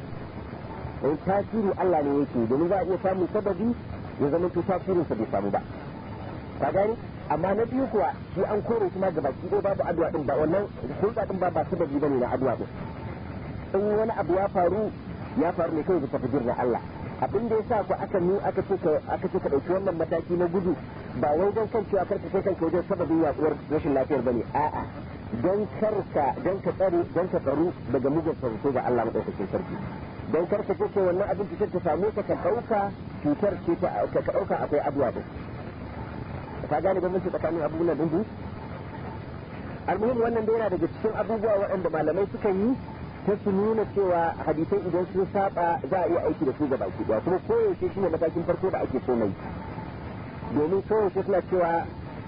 eh tasiri Allah ne yake domin za a iya samun sababi ya zama to sa bai samu ba ka gani amma na biyu kuwa shi an kore shi ma ga baki ɗaya babu addu'a ɗin ba wannan hulɗa ɗin ba ba su baji bane na addu'a ɗin in wani abu ya faru ya faru ne kawai tafi jirgin Allah abin da ya sa ku aka nu aka ce aka ce ka dauki wannan mataki na gudu ba wai don kan cewa karka kai kanka wajen sababin yaduwar rashin lafiyar bane a'a don karka don ka tsare don ka tsaro daga mugun sarki ga Allah madaukakin sarki don karka ce wannan abin da ta samu ka ka dauka cutar ce ka dauka akwai addu'a din ka gane bambanci tsakanin abubuwan nan biyu almuhim wannan da yana daga cikin abubuwa waɗanda malamai suka yi ta su nuna cewa hadisai idan sun saba za a iya aiki da su ga baki ɗaya kuma koyaushe shine matakin farko da ake so mai domin koyaushe suna cewa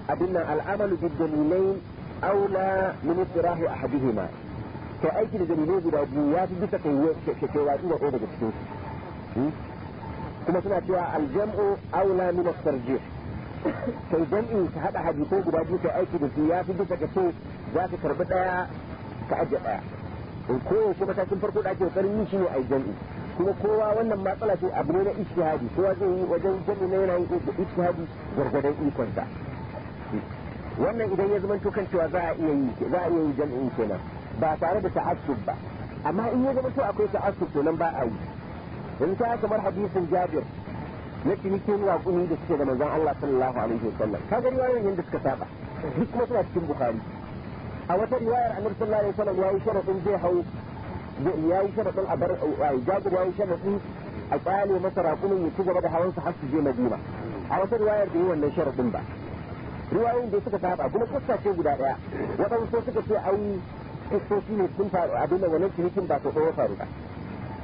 abin nan al'amalu bi dalilai aula min istirahi ahadihima to aiki da dalilai guda biyu ya fi bisa kai kai watsi da daga cikin su kuma suna cewa aljam'u aula min at-tarjih kai jam'in ka haɗa ko guda biyu kai aiki da su ya fi bisa ka so za ka karɓi ɗaya ka ajiye ɗaya kowace matakin farko da ake ƙoƙarin yi shi ne a jam'i kuma kowa wannan matsala ce abu ne na ishihadi kowa zai yi wajen jami na yana yi da ishihadi gargadon ikonsa wannan idan ya zama tukan cewa za a iya yi za a iya yi kenan ba tare da ta'assub ba amma in ya zama to akwai ta'assub to nan ba a yi in ta kamar hadisin Jabir na cinikin raƙumi da suke da manzon Allah sallallahu alaihi wasallam ga riwayoyin yanda suka saba duk kuma suna cikin bukhari a wata riwayar annabi sallallahu alaihi wasallam yayi sharadin zai hau yayi sharadin a bar jabir yayi sharadin a tsale masa raƙumin ya ci gaba da hawansa har su je Madina a wata riwayar da yi wannan sharadin ba riwayoyin da suka saba kuma kissa ce guda daya waɗansu suka ce ai kissoshi ne sun faru abin da wannan cinikin ba ta ɗaya faru ba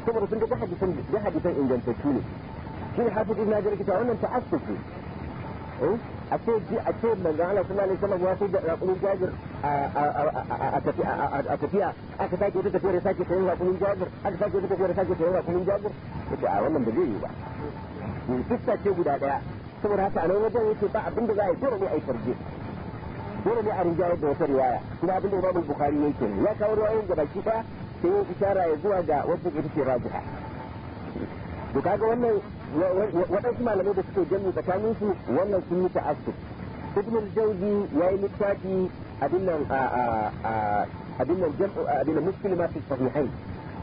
saboda sun ga hadisan ingantattu ne shi hafiz ibn hajar kita wannan ta eh a ce ji a ce manzon Allah sallallahu alaihi wasallam ya ce da raƙumin jabir a tafiya aka sake ta tafiyar ya sake sayan raƙumin jajir aka sake ta tafiyar ya sake sayan raƙumin jabir yace a wannan ba zai yi ba in fitta ce guda daya saboda haka a nan wajen yake ba abin da za a yi dole ne a yi farje dole ne a rinjayar da wata riwaya kuma abin da Imam Bukhari yake ya kawo riwayoyin da baki ɗaya sai ya isara ya zuwa ga wanda ita ce rajiha to ga wannan waɗansu malamai da suke jami tsakanin su wannan sun yi ta'assub ibn al-jawzi yayi littafi abin nan abin nan jam'u abin nan muskil ma fi sahihain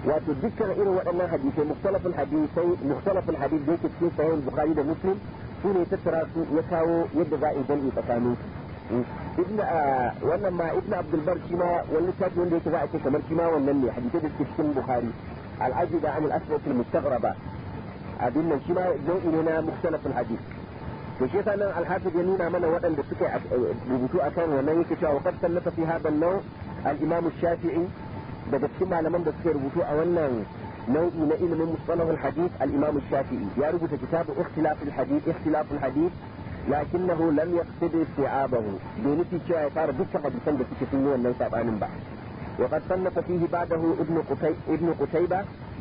wato dukkan irin waɗannan hadisai mukhtalafin hadisai mukhtalafin hadis da yake cikin sahih bukhari da muslim su ne tattara su ya kawo yadda za a yi jami'i tsakanin su ibn wannan ma ibn abdul bar shi ma wani littafi wanda yake za a ce kamar shi ma wannan ne hadisai da suke cikin bukhari al-ajida an al-aswat al-mustaghraba abin nan shi ma nau'i ne na mukhtalafin hadith to shi yasa nan alhafiz ya nuna mana waɗanda suka rubutu akan wannan yake cewa wa qad sallafa fi hadha an-naw al-imam shafii daga cikin malaman da suka rubutu a wannan nau'i na ilimin mustalah al-hadith al-imam shafii ya rubuta kitabu ikhtilaf al-hadith ikhtilaf al-hadith lakinnahu lam yaqsid isti'abahu bai nufi cewa ya fara dukkan hadisan da suke sun yi wannan sabanin ba وقد صنف فيه بعده ابن قتيبة ابن قتيبة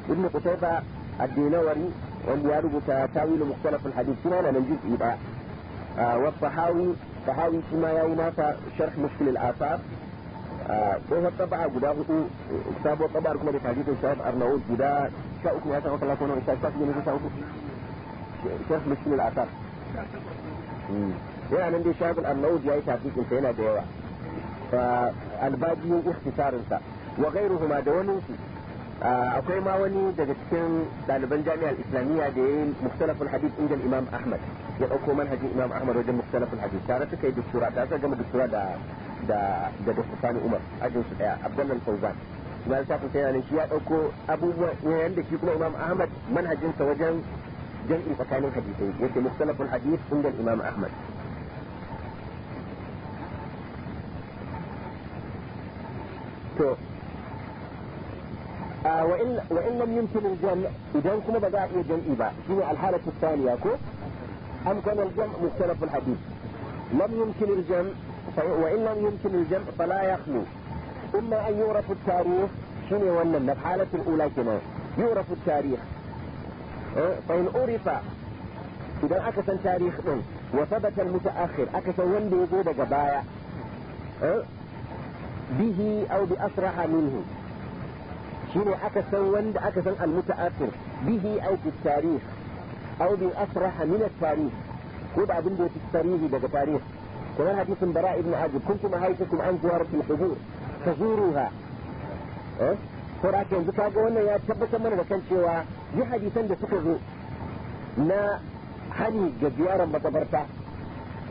ابن قتيبة الدينوري واللي يربط تاويل مختلف الحديث هنا لنا الجزء يبقى آه والطحاوي طحاوي فيما يوم شرح مشكل الآثار وهو طبعا قدا هو كتاب وطبعا كما بتحديث الشيخ أرناؤوط قدا شاءكم هذا وصلى الله عليه وسلم شرح مشكل الآثار يعني عندي شاب الأرنوز جاي تحقيق الفينا ديوا فالباقي اختصار انت وغيرهما دونه Ah, akwai ma wani daga cikin ɗaliban jami'ar islamiyya da ya yi mustalafin hadis inda imam ahmad ya ɗauko manhajin imam ahmad wajen mustalafin hadith tare suka yi dusura tare suka gama dusura da da da sani umar ajin su ɗaya abdullal fauzan ya sa kun sai shi ya ɗauko abubuwan da shi kuma imam ahmad manhajinsa wajen jam'i tsakanin hadisai yake mustalafin hadis inda imam ahmad to آه، وإن, وإن لم يمكن الجمع إذا كما بدأ يجمع إبا شنو الحالة الثانية كو أمكن الجمع مختلف الحديث لم يمكن الجمع وإن لم يمكن الجمع فلا يخلو إما أن يعرف التاريخ شنو ولا الحالة الأولى كنا يعرف التاريخ آه، فإن عرف إذا أكثر تاريخ من وثبت المتأخر أكثر وندي يقول بايا آه، به أو بأسرع منه شنو أكثر وند أكثر المتأثر به أو بالتاريخ أو بالأسرح من التاريخ كود عبد الله في التاريخ بقى تاريخ كمان حديث براء ابن عاجب كنتم هايتكم عن جوار في الحضور تزوروها أه؟ فراكين ذكا قولنا يا تبتا من وكان شوا دي حديثا دي سكره نا حني جديارا متبرتا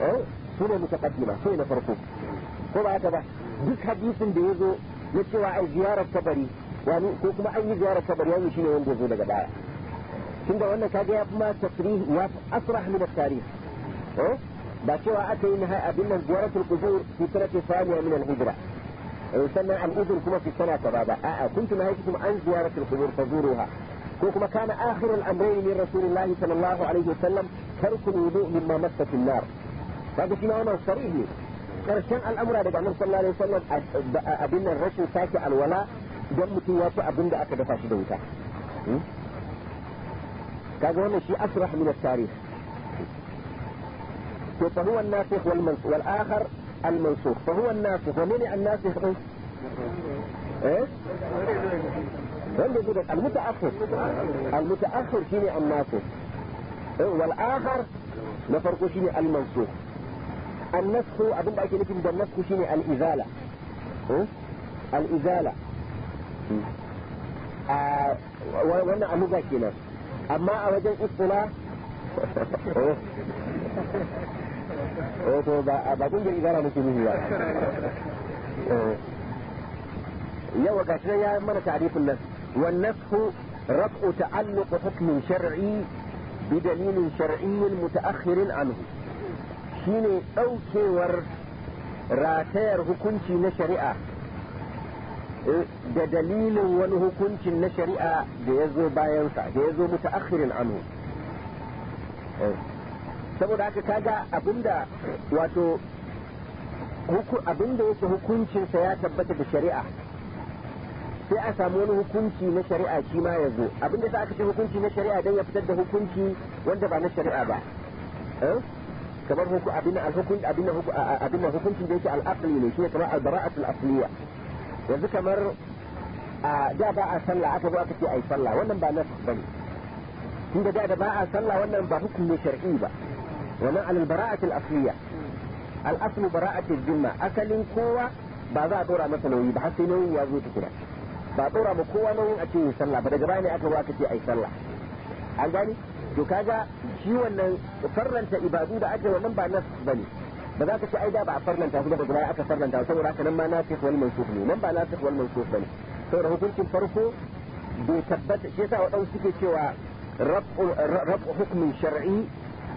أه؟ سنة متقدمة سنة فرقوب كل هذا بس حديث بيزو نتوى الزيارة الطبري wani ko kuma an yi ziyarar kabari wani shine wanda ya zo daga baya tunda wannan kaga ya fi ma tasrih ya fi asrah min at-tarikh eh ba cewa aka yi nihai abin nan ziyaratul qubur fi sanati thaniya min al-hijra sannan al-udhur kuma fi sana kaza ba a'a kuntu nahaytukum an ziyaratul qubur fazuruha ko kuma kana akhir al-amrayn min rasulillahi sallallahu alaihi wasallam tarku al-wudu mimma massat an-nar kaga shi ma wannan sarih ne karshen al'amura daga annabi sallallahu alaihi wasallam abin nan rashin sake alwala don mutum ya ci abin da aka dafa shi da wuta kaga wannan shi asrah min at-tarikh to fa huwa an-nasikh wal mansukh wal akhar al-mansukh fa huwa an-nasikh wa min an-nasikh eh wanda yake da al-mutaakhir al-mutaakhir shine an-nasikh wal akhar na farko shine al-mansukh an-nasikh abin da ake nufin da nasikh shine al-izala al-izala آه، وانا عمو ذاكينا اما اوجد اصطلاة اوه اوه باكون جا ادارة مسلمين يعني. يا يا وقاتنا يا امنا تعريف النفس والنفس رفع تعلق حكم شرعي بدليل شرعي متأخر عنه شيني اوكي ور راتير هكونتي نشريئة da dalilin wani hukuncin na shari'a da ya zo bayansa da ya zo mutu akhirin anhu eh. saboda haka kaga abinda wato abinda yake hukuncinsa ya tabbata da shari'a sai a samu wani hukunci na shari'a shi ma ya zo abinda za aka ce hukunci na shari'a don ya fitar da hukunci wanda ba na shari'a ba eh? kamar abin abin hukuncin da yake al'aqli ne shi ne kamar al-bara'atul asliya yanzu kamar a da ba a sallah aka zo aka ce ai sallah wannan ba nas bane tun da da ba a sallah wannan ba hukumin shar'i ba wannan al-bara'at al-asliya al-aslu bara'at al-dhimma asalin kowa ba za a dora masa nauyi ba har sai nauyin ya zo tukuna ba a dora ma kowa nauyin a ce sallah ba daga baya aka zo aka ce ai sallah an gani to kaga shi wannan farranta ibadu da ake wannan ba nas bane بذات الشيء أي دابع فرمنت أو خذ بجناعة فرمنت أو سورة لما ناسخ والمنسوخ لي من بقى ناسخ والمنسوخ لي سورة هو كنت فرفو بيثبت شيء أو توسيك شيء رب رب حكم شرعي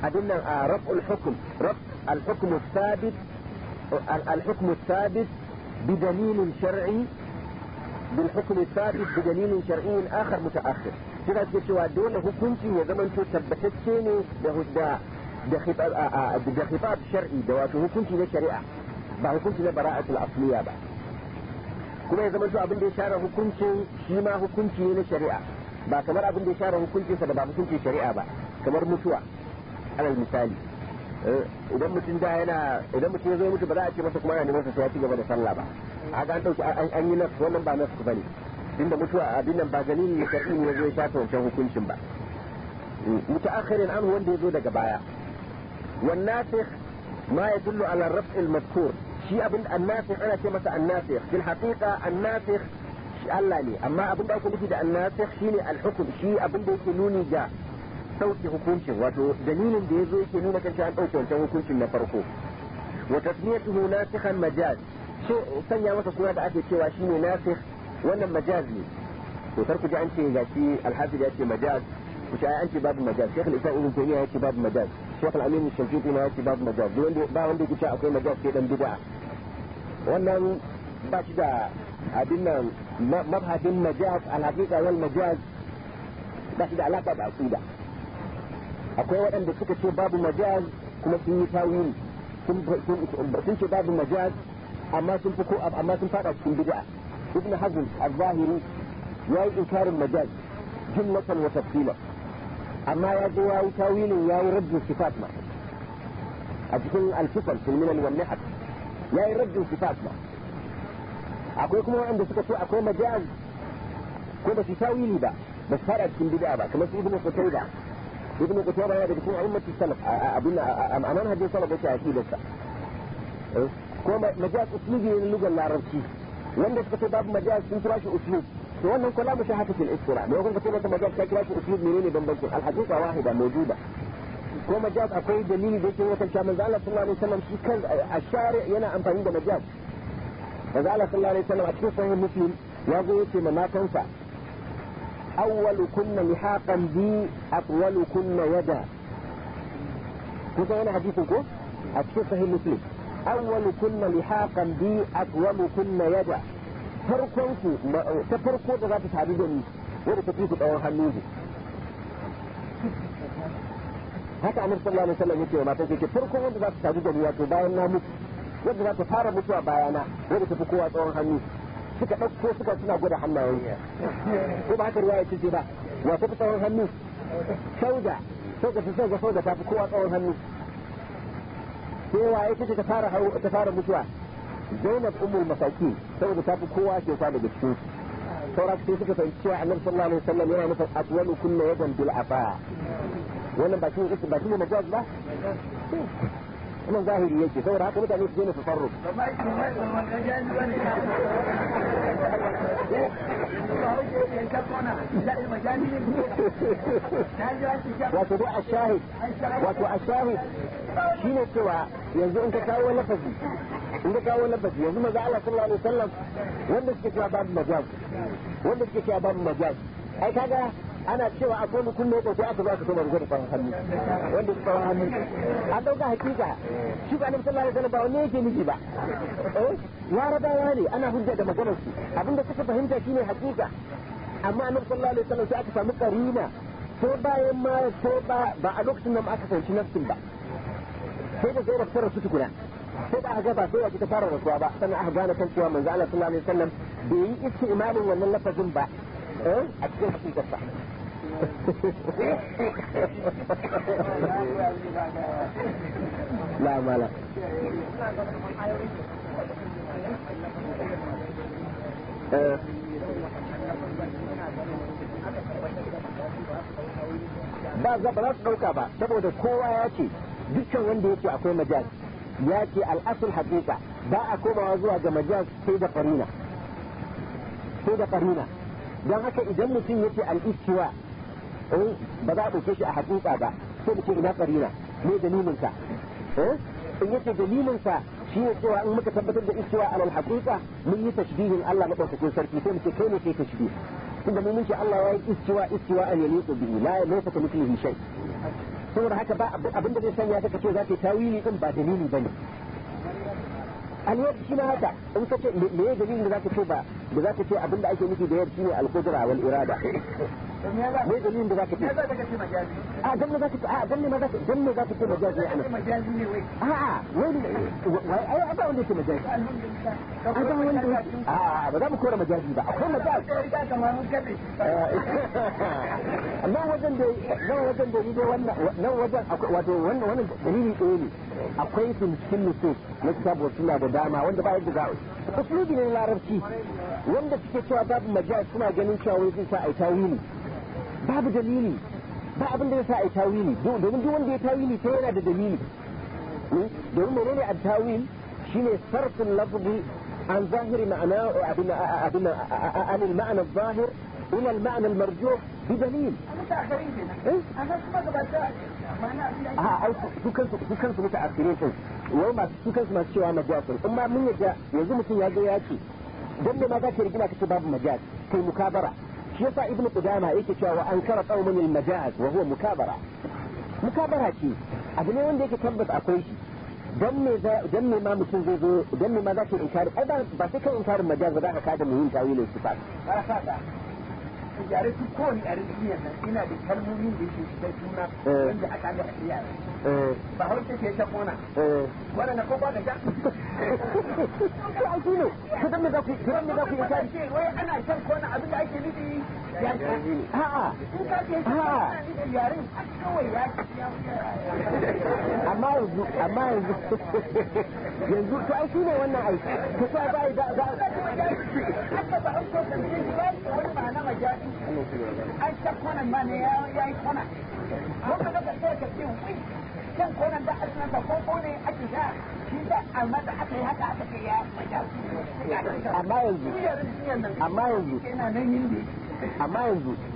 أدنا آه، رب الحكم رب الحكم الثابت الحكم الثابت بدليل شرعي بالحكم الثابت بدليل شرعي آخر متأخر كذا تشوى دون هو كنت يا زمن تثبتت شيء لهدى da khitab da khitab shar'i da wato hukunci na shari'a ba hukunci na bara'atul asliya ba kuma ya zama to abin da ya share hukuncin shi ma hukunci ne na shari'a ba kamar abin da ya share sa da ba hukuncin shari'a ba kamar mutuwa alal misali eh, idan mutum da yana idan mutum ya zo mutu ba za a ce masa kuma yana neman sa ya ci gaba da sallah ba a ga an dauki an yi nas wannan ba nas bane inda mutuwa abin nan ba ganin ne shar'i ne ya zo ya shafe wancan hukuncin ba hmm, mutaakhirin an wanda ya zo daga baya والناسخ ما يدل على الرفع المذكور شيء ابن الناسخ انا كلمة الناسخ في الحقيقة الناسخ الله لي اما ابن دا يكون لفيد الناسخ شيء الحكم شيء ابن دا يكون جا توتي حكومة واتو دليل ديزو يكون لونك انت عن اوتي انت حكومة نفرقو وتسميته ناسخا مجاز شيء سنيا ما تصنع دا عدد شيء واشيني ناسخ وانا مجاز لي وتركو جا انت اذا في الحافظ جا مجاز وشاء انت باب مجاز شيخ الاساء اذن تهيئة باب مجاز shekh al-amin shafiqi yake babu majaz ba wanda yake cewa akwai majaz sai dan bid'a wannan ba shi da abin nan mabhadin majaz al-haqiqa wal majaz ba shi da alaka da aqida akwai waɗanda suka ce babu majaz kuma sun yi sun ce babu majaz amma sun fi amma sun fada cikin bid'a ibn hazm al-zahiri yayi inkarin majaz jumlatan wa tafsilan amma ya zo ya yi tawilin ya yi raddin sifat ma a cikin alfifan filminan wannan haka ya yi raddin sifat ma akwai kuma waɗanda suka ce akwai majaz ko ba su tawili ba ba su fara cikin bid'a ba kamar su ba qutayba ibnu qutayba ya daga cikin ummatu salaf abin amanan hajjin salaf yake aqidar sa eh, ko majaz uslubi ne lugar larabci wanda suka ce babu majaz sun kira shi uslubi وأنهم كلها مشاهدة في الإسراء لأقول بطولة مجال فاكراتي أفيد منين بمبنكم الحقيقة واحدة موجودة كما جاءت أقوي دليل بيتي هو تنشامل ذا الله صلى الله عليه وسلم في كل الشارع ينا أن فهم مجال فذا صلى الله عليه وسلم أتكف فهم مسلم يقول في مما تنفع أول كنا لحاقا بي أطول كنا يدا كنت أنا حديثكم أتكف فهم مسلم أول كنا لحاقا بي أطول كنا يدا farkon su ta farko da za ta sadu da ni wadda ta fi su tsawon hannu ne haka annabi sallallahu alaihi wasallam yake wa matan yake farkon wanda za ta sadu da ni wato bayan na mutu wanda za ta fara mutuwa bayana wadda ta fi kowa tsawon hannu suka ɗauko suka suna gwada hannayen ko ba haka ruwaya ce ba wa ta fi tsawon hannu sauda sauda ta sauda sauda ta fi kowa tsawon hannu sai waye kike ta fara ta fara mutuwa zainab ummul masakin saboda ta fi kowa ke ta daga cikin saura sai suka fahimci cewa annabi sallallahu alaihi wasallam yana nufin atwalu kullu yadan bil afa wannan ba shi ne ba shi ne majaz ba wannan zahiri yake saboda haka mutane su daina tafarruf wato dai a shahid wato a shahid shine cewa yanzu in ka kawo lafazi in ka kawo lafazi yanzu maza Allah sallallahu alaihi wasallam wanda suke cewa babu majaz wanda suke cewa babu majaz ai kaga ana cewa akwai mutum ne ko sai aka zo aka soma rubuta tsawon hannu wanda su tsawon hannu an dauka hakika shi ba annabi sallallahu alaihi wasallam ba wani yake miji ba eh larabawa ne ana hujja da maganar su abinda suka fahimta shine hakika amma annabi sallallahu alaihi wasallam sai aka samu karima sai bayan ma sai ba a lokacin nan aka fahimci nafsin ba sai da zai su tukuna sai da aka ba sai wace ta fara rasuwa ba sannan aka gane kan cewa manzo Allah sallallahu alaihi wasallam bai yi iske imanin wannan lafazin ba eh, a cikin hakikarsa la mala eh. ba za ba za su ɗauka ba saboda kowa ya ce dukkan wanda ya ce akwai majalis ya ce al'asul haƙiƙa ba a komawa zuwa ga majaz sai da ƙarina sai da ƙarina don haka idan mutum ya ce al'istiwa ba za a ɗauke shi a haƙiƙa ba sai mutum ina ƙarina ne dalilinsa in yace dalilinsa shi ne cewa in muka tabbatar da istiwa alal haƙiƙa mun yi tashbihin Allah maɗaukakin sarki sai mu ce kai ne kai tashbih tunda mun ce Allah ya yi istiwa istiwa an yaliqu bihi la laysa kamithlihi shay saboda haka ba abin da zai sanya ka ce za ka yi tawili din ba dalili bane alwar shi ma haka in ka ce me dalilin da za ka ce ba ba za ka ce abinda ake nufi da yar shine al-qudra wal irada me dalilin da za ka ce a dan ne za ka ce a dan ne ma za ka dan ne za ka ce majazi a majazi ne wai a a wai wai ai ba wanda yake majazi a ba wanda a ba za mu kora majazi ba akwai majazi eh, nan wajen da nan wajen da ne wannan nan wajen Akwai wato wannan wannan dalili ɗaya ne akwai su cikin nusus na kitabu da dama wanda ba yadda za uslubi ne larabci wanda suke cewa babu majal suna ganin cewa wai zai sa a yi tawili babu dalili ba abin da ya sa a yi tawili domin duk wanda ya tawili sai yana da dalili domin ne a tawil shine sarfin lafzi an zahiri ma'ana abin abin an ma'ana zahir الى المعنى المرجوح بدليل انت إيه؟ متاخرين هنا انا كنت بدات يعني انا اه اوكي دو كنت دو كنت متاخرين في وما دو كنت ما تشوا مجاز اما من يجا يزم تي ياجي في مكابرة شي يسا ابن قدامة ايكي شوا وانكر قوم المجاز وهو مكابرة مكابرة شي ابني وين ديكي تنبت اقويشي دمي ما متنزيزو دمي ما ذاكي انكار ايضا بسيكا انكار المجاز وداها كادم هين تاويل الاستفاد ولا خاطئ a yare su kowane yare duniyar nan ina da kalmomin da yake juna eh. wanda a kaga a yare ba hausa ke ta kona eh. wannan na kowa da jaku ko a kilo to dan za ku dan me za ku yi wai ana shan kona abin da ake nufi ya a'a in ka ce a'a yaren kawai ya amma yanzu amma yanzu yanzu to ai shine wannan aiki to sai bai da da ba hausa da ba wani ma'ana ai ta kwanan ma ne ya yi kwana wanda daga sai ka ce wai can kwanan da aka nasa ko ne ake sha shi da amma da aka yi haka aka ya amma yanzu amma yanzu amma yanzu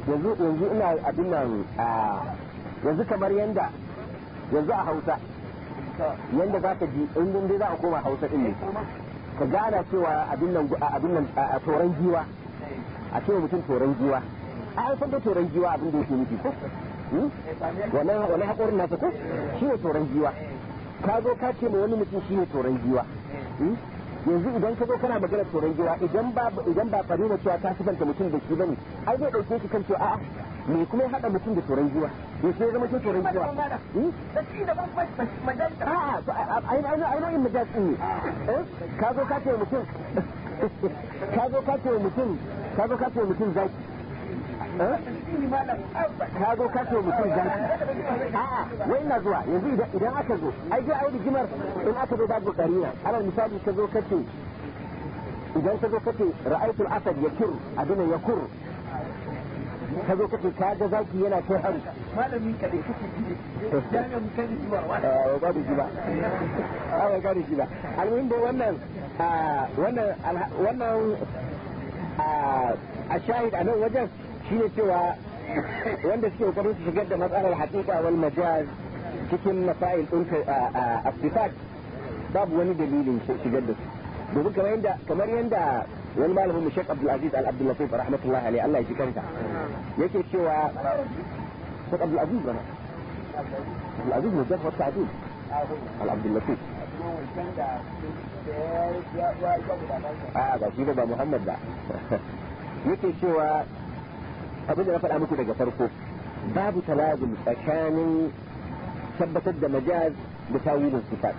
yanzu yanzu ina abin nan yanzu kamar yanda yanzu a hausa yanda za ka ji in dai za a koma hausa din ne ka gana cewa abin nan a turan giwa a ce mutum toron giwa a haifar da toron giwa abin da yake nufi ko hmm? wani haƙorin nasa ko shi ne toron jiwa ka zo ka ce ma wani mutum shi ne toron giwa hmm? yanzu idan ka zo kana magana tsoron gira idan ba idan ba farina cewa ta sifanta mutum da shi bane ai zai dauke shi kan cewa a'a me kuma hada mutum da tsoron gira ya ya zama cin tsoron gira hmm? a'a ai ai ai ai majal ne eh? ka zo ka ce mutum ka zo ka ce mutum ka zo ka ce mutum zaki ka zo ka ce mutum janki a'a wai na zuwa yanzu idan aka zo ai ga auri jimar in aka zo babu kariya alal misali ka zo ka ce idan ka zo ka ce ra'aitul asad yakir abin yakur ka zo kace ka ga zaki yana kai hari malami ka da kake ji jami'a mutan ji ba wani eh ba ji ba ah ba ji ba almuhim da wannan wannan wannan a shahid a nan wajen shi ne cewa wanda suke kokarin su shigar da matsalar hakika wal majaz cikin masail din asifat babu wani dalilin shigar da su domin kamar yadda kamar yanda wani malamin mu shek Abdul Aziz Al Abdul Latif rahmatullahi alaihi Allah ya ji kanta yake cewa shek Abdul Aziz bana Abdul Aziz ne jafa ta'dil Al Abdul Latif a ga shi ba Muhammad ba yake cewa abin da na faɗa muku daga farko babu talazum tsakanin tabbatar da majaz da tawilin sifat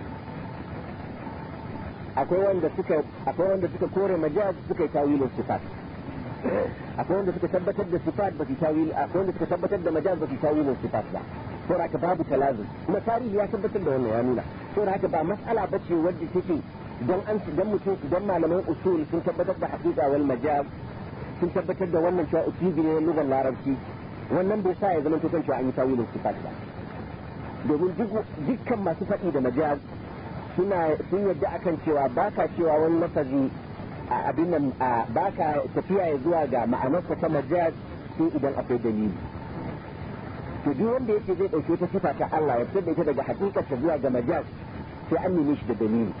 akwai wanda suka akwai wanda suka kore majaz suka yi tawilin sifat akwai wanda suka tabbatar da sifat ba su tawil akwai wanda suka tabbatar da majaz ba su tawilin sifat ba saboda haka babu talazum kuma tarihi ya tabbatar da wannan ya nuna saboda ba mas'ala bace wadda take don an don mutum don malaman usul sun tabbatar da haqiqa wal majaz sun tabbatar da wannan cewa usulubi ne lugar larabci wannan bai sa ya zama to cewa an yi tawilin sifat ba domin dukkan masu faɗi da majaz suna sun yadda akan cewa ka cewa wani lafazi a abin nan ka tafiya ya zuwa ga ma'anarsa ta majaz sai idan akwai dalili to duk wanda yake zai ɗauke ta sifa ta Allah ya fitar da ita daga hakikarta zuwa ga majaz sai an nemi shi da dalili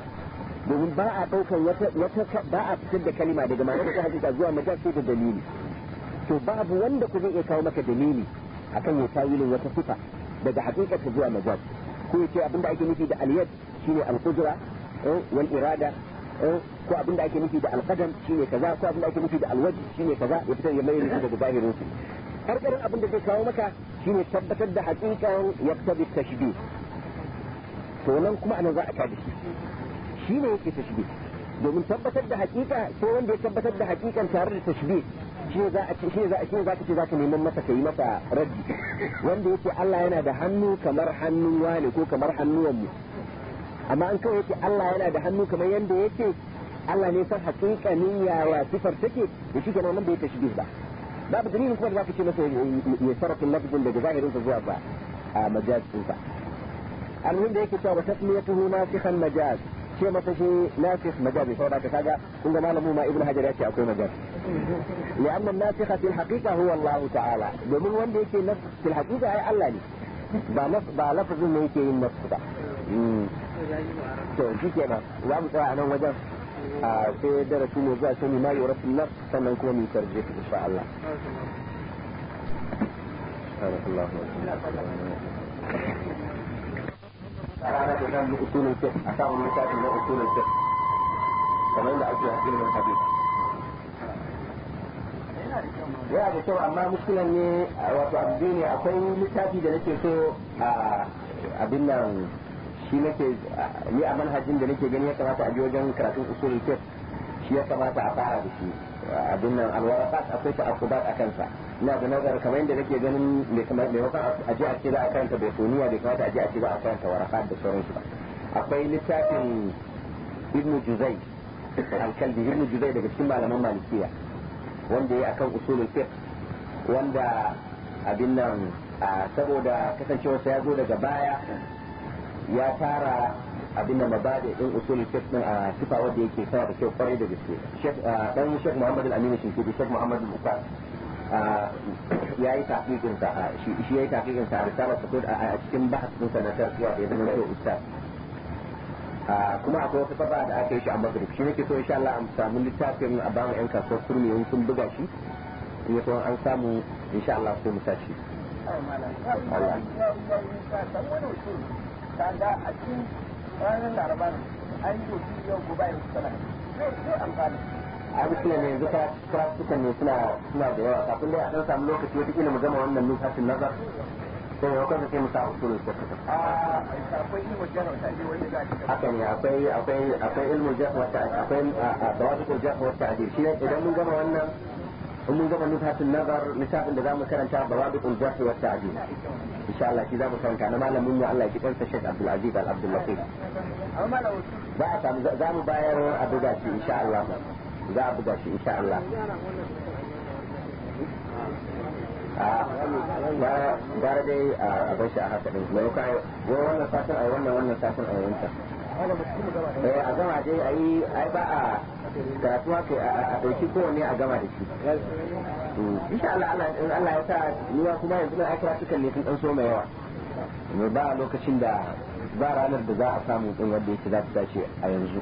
domin ba a daukan wata ba a fitar da kalima daga ma'anar ta hakika zuwa majal sai da dalili to babu wanda ku zai iya kawo maka dalili akan ya tawilin wata sifa daga hakika ta zuwa majal ko yace ce abinda ake nufi da aliyat shine al alqudra wal irada ko abinda ake nufi da al-qadam shine kaza ko abinda ake nufi da al-wajh shine kaza ya fitar ya mai ne daga zahirin su karkarin abinda zai kawo maka shine tabbatar da hakikan yaktabi tashbih to nan kuma anan za a tabbata shi ne yake tashbih domin tabbatar da hakika sai wanda ya tabbatar da hakikan tare da tashbih shi ne za a ce shi za a ce za ka ce za ka neman masa kai masa raddi wanda yake Allah yana da hannu kamar hannun wani ko kamar hannuwan mu amma an kawai yake Allah yana da hannu kamar yanda yake Allah ne san hakikanin yaya sifar take da shi kenan nan bai tashbih ba babu dalilin kuma da zaka ce masa ya sarrafa lafzin daga zahirin sa zuwa ba a majaz din sa al-muhim da yake cewa tasmiyatuhu nasikhan majaz ce masa shi nasikh majazi saboda ka kaga kun ga malamu ma ibnu hajar ya ce akwai majazi li'anna nasikh fil haqiqa huwa Allah ta'ala domin wanda yake nasikh fil haqiqa ai Allah ne ba ba lafazin ne yake yin nasikh ba to shi kenan za mu tsaya a nan wajen a sai darasi ne zuwa sani ma yura fil nafs sannan kuma mu tarje insha Allah سبحانك اللهم وبحمدك ranar da zan yi usulun fiqh a samun littafin na usulun fiqh kamar yadda ake a ilimin hadith yana da kyau amma muskilan ne wato abu ne akwai littafi da nake so a abin nan shi nake ni a manhajin da nake gani ya kamata a ji wajen karatun usulun fiqh shi ya kamata a fara da shi abin nan alwarafat akwai ta akubat a kansa ina da nazar kamar yadda nake ganin maimakon a ji a ce za a karanta betoniya bai kamata a ji a ce za a karanta warafat da sauransu ba akwai littafin ibn juzai alkalbi ibn juzai daga cikin malaman malikiya wanda ya akan usulul fiqh wanda abin nan saboda kasancewarsa ya zo daga baya ya tara abin da mabadi din usul fiqh din a sifa wanda yake tana da kyau kwarai da gaske dan shek Muhammad al-Amin Shinkidi shek Muhammad al-Muqtar ya yi sa shi ya yi tafiƙin sa a risalar ko a cikin bahas din sa na tarfiya da zama kyau ustaz kuma akwai wata saba da aka yi shi a magrib shi nake so insha Allah an samu littafin a ba mu yan kasuwar kurmi yin sun buga shi in yaso an samu insha Allah sai mu tashi Allah ranar laraba ne an yi yau yau gobe yau sana zai amfani a ne ne suna suna da yawa kafin dai a dan samu lokaci wata kila mu gama wannan nufatin nazar sai ya kwanta sai mu sa a ah, akwai ilmu jarh wa ta'dil wanda za a haka ne akwai akwai akwai ilmu jarh akwai dawabitul jarh wa ta'dil shi idan mun gama wannan in mun gama nufatin nazar littafin da za mu karanta dawabitul jarh wa insha Allah shi za mu karanta na malamin mu Allah ya kitarsa Sheikh Abdul Aziz Al Abdul Latif ba a samu za mu bayar a buga shi insha Allah za a buga shi insha Allah gara dai a ba shi a haka din mai kai wannan satin ai wannan wannan satin ai wancan Eh, a gama dai a yi ai ba a karatuwa ke a ɗauki kowanne a gama da shi insha Allah Allah ya sa niwa kuma yanzu na aka suka ne ɗan so mai yawa ba lokacin da ba ranar da za a samu ɗin wanda yake za ta dace a yanzu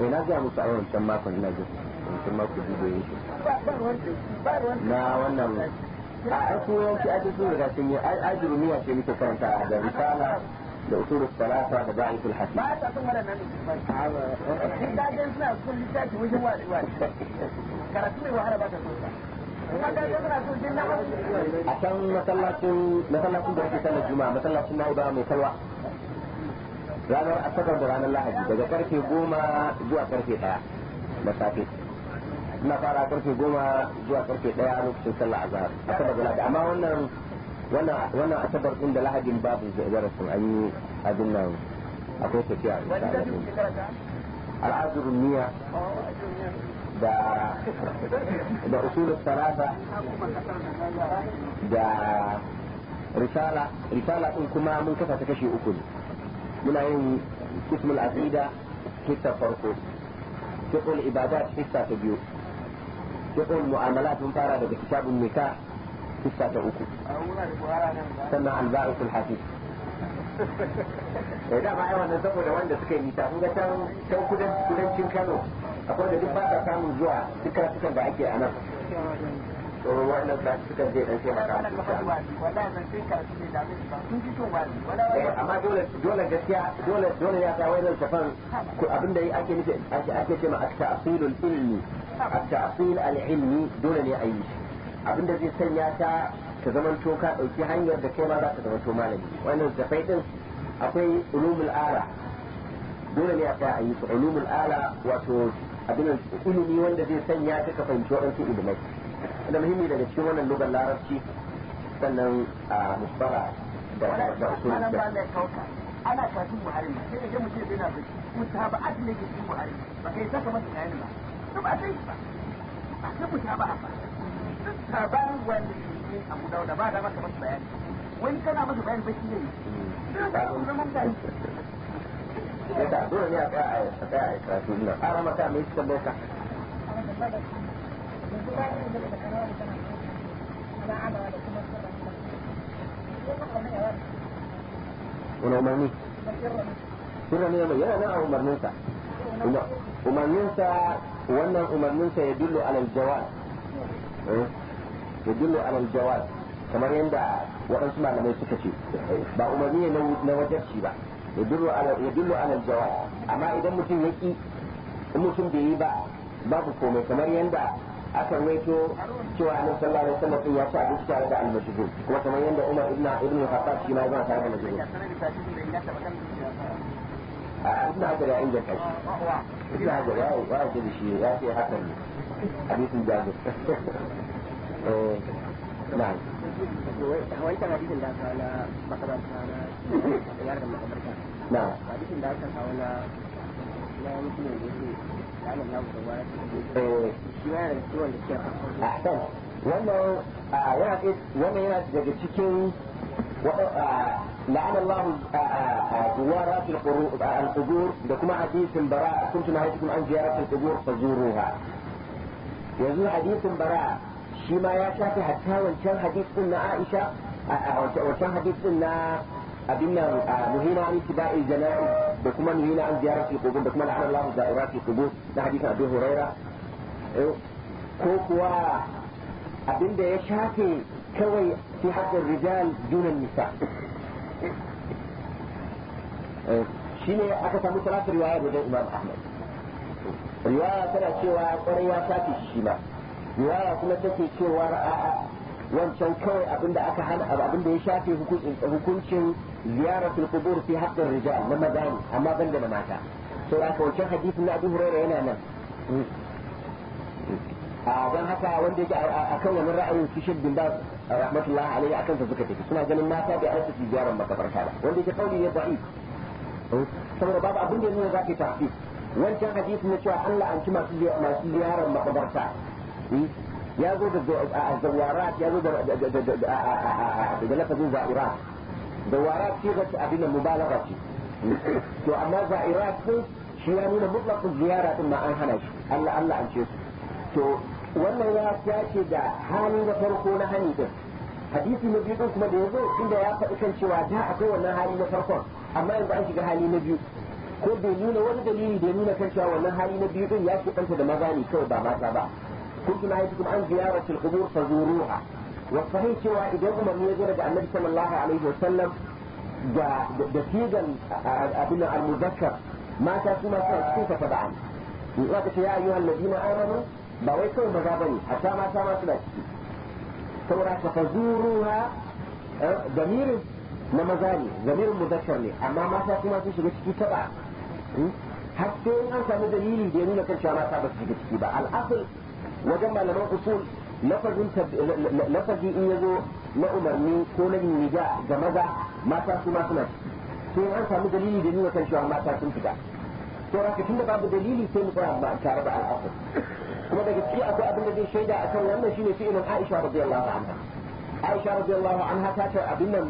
eh na gaya musu a wancan makon na jin wancan makon yake na wannan a cikin yawanci ake sun riga sun yi ajiyar niyya ce muke karanta da risala da usul salata da da'if al hadith ba ta san da ne ba da suna kun littafi wajen wani wani karatu mai wahala ba ta so a can masallacin masallacin da ake sallar juma'a masallacin na'uda mai kalwa ranar asabar da ranar lahadi daga karfe goma zuwa karfe daya na safe na fara karfe goma zuwa karfe daya lokacin sallah azhar asabar da lahadi amma wannan wannan asabar din da lahadin babu darasin an yi abin nan akwai tafiya al'adur oh, niyya da da usul salata da risala risala din kuma mun kafa ta kashe uku muna yin kismul aqida hissa farko fiqh ibadat hissa ta biyu يقول معاملات مفارده بكتاب النكاح في الساعه الاولى سمع الباع في الحديث إذا ما أيوة نزبو أنا عند سكين أنا هم قتام أنا كده كده أنا أقول لك أنا كام زوا أنا سكر بعدي أنا domin wannan practical zai ɗauke maka eh, amma dole dole gaskiya dole dole ya kawo wannan tafan abin da ake nufi ake ake cewa at-ta'silul ilmi at-ta'sil al-ilmi dole ne a yi abin da zai sanya ta ta zamanto ka ɗauki hanyar da kai ma za ka zamanto malami wannan tafai ɗin akwai ulumul ala dole ne a ta a yi su ulumul ala wato abin ilimi wanda zai sanya ta ka fahimci waɗansu ilimai da muhimmi daga cikin wannan lugar larabci sannan a musbara da da usul da ana kafin buhari ne sai da mutum zai na zai mutaba'at ne a cikin cikin buhari ba kai saka masa kayan ba su ba sai ba ba sai mutaba'a ba duk saban wanda ke abu wadda ba da maka masa bayani wani kana masa bayani ba shi ne duk da kuma mun da yadda dole ne a tsaya a yi karatu ina ƙara mata mai cikin lokacin. wani umarni sirra ne mai yana a umarninsa umarninsa wannan umarninsa ya dillo alal jawar ya dillo alal jawar kamar yadda waɗansu malamai suka ce ba umarni ne na wajarci ba ya dillo alal jawar amma idan mutum ya ƙi in mutum bai yi ba babu komai kamar yadda aka rawaito cewa annabi sallallahu alaihi wasallam ya ci abinci tare da almajhul kuma kamar yadda Umar ibn ibn Khattab shi ma ya tare da majhul a ina da ya inda kashi ina da ya ya ce da shi ya ce hakan ne hadisin jabir eh na'am wancan hadisin da aka na makabarta na yaran makabarta na'am hadisin da aka kawo na na mutum da أحسن wannan ya wannan yana لعن الله زوارات آه، آه، آه، القبور لكم حديث براء كنت نهيتكم عن زيارة القبور فزوروها يزور حديث براء شيما يا شافي حتى وان كان حديث قلنا عائشة وان كان حديث قلنا abin nan muhina an tiba'il jana'i da kuma muhina an ziyarati qubur da kuma da Allah za'irati qubur da hadisin Abu Huraira ko kuwa abin da ya shafe kawai fi haqqin rijal dunan nisa eh, shine aka samu salatu riwaya da Imam Ahmad riwaya tana cewa kwarai ya shafe shi ma riwaya kuma take cewa a'a wancan kawai abinda aka hana abinda ya shafe hukuncin ziyaratul qubur fi haqqin rijal na maza ne amma banda na mata sai aka wancan hadisin na Abu Hurairah yana nan a don haka wanda yake akan wannan ra'ayin su shaddin ba rahmatullahi alaihi akan ta suka tafi suna ganin mata bai aiki su ziyarar makabarta ba wanda yake kauli ya ba'i saboda babu abin da nuna za ka yi wancan hadisin na cewa Allah an ci masu ziyarar makabarta يجوز الدوارات يجوز دلالة الزائرات آه، دوارات صيغة أبينا مبالغة شو أما زائرات شو يعني مطلق الزيارة ما أنحنش ألا ألا أنش شو وانا يا سياشي دا هاني نفرقو نهاني دا حديث النبي قلت ما ديزو إن دا يأخذ إشان شو عدا حقو أنا هاني نفرقو أما إن بعنش دا هاني نبي كل دليل ولا دليل دليل كان شو أنا هاني نبي يأخذ أنت دا مغاني كو دا ما تبع كنت ما يجدكم عن زيارة القبور فزوروها والصحيح شواء إجابه من يجرد عن نبي صلى الله عليه وسلم دفيدا أبنا المذكر ما تاسوما سيكون تبعا يقول يا أيها الذين آمنوا بويتوا مذابني حتى ما سامع سلاسك ثورة فزوروها ضمير أه، نمزاني ضمير مذكر لي أما ما تاسوما سيكون تبعا حتى أن كان دليل يعني لكن شاء الله سابق سيكون تبعا الأصل wajen malaman usul lafazin lafazi in yazo na umarni ko na nija ga maza mata su ma suna sai an samu dalili da nuna kan cewa mata sun fita to raka tunda babu dalili sai mu fara ba tare da al'asar kuma daga ciki akwai abin da zai shaida a kan wannan shine fi'ilin Aisha radiyallahu anha Aisha radiyallahu anha ta ce abin nan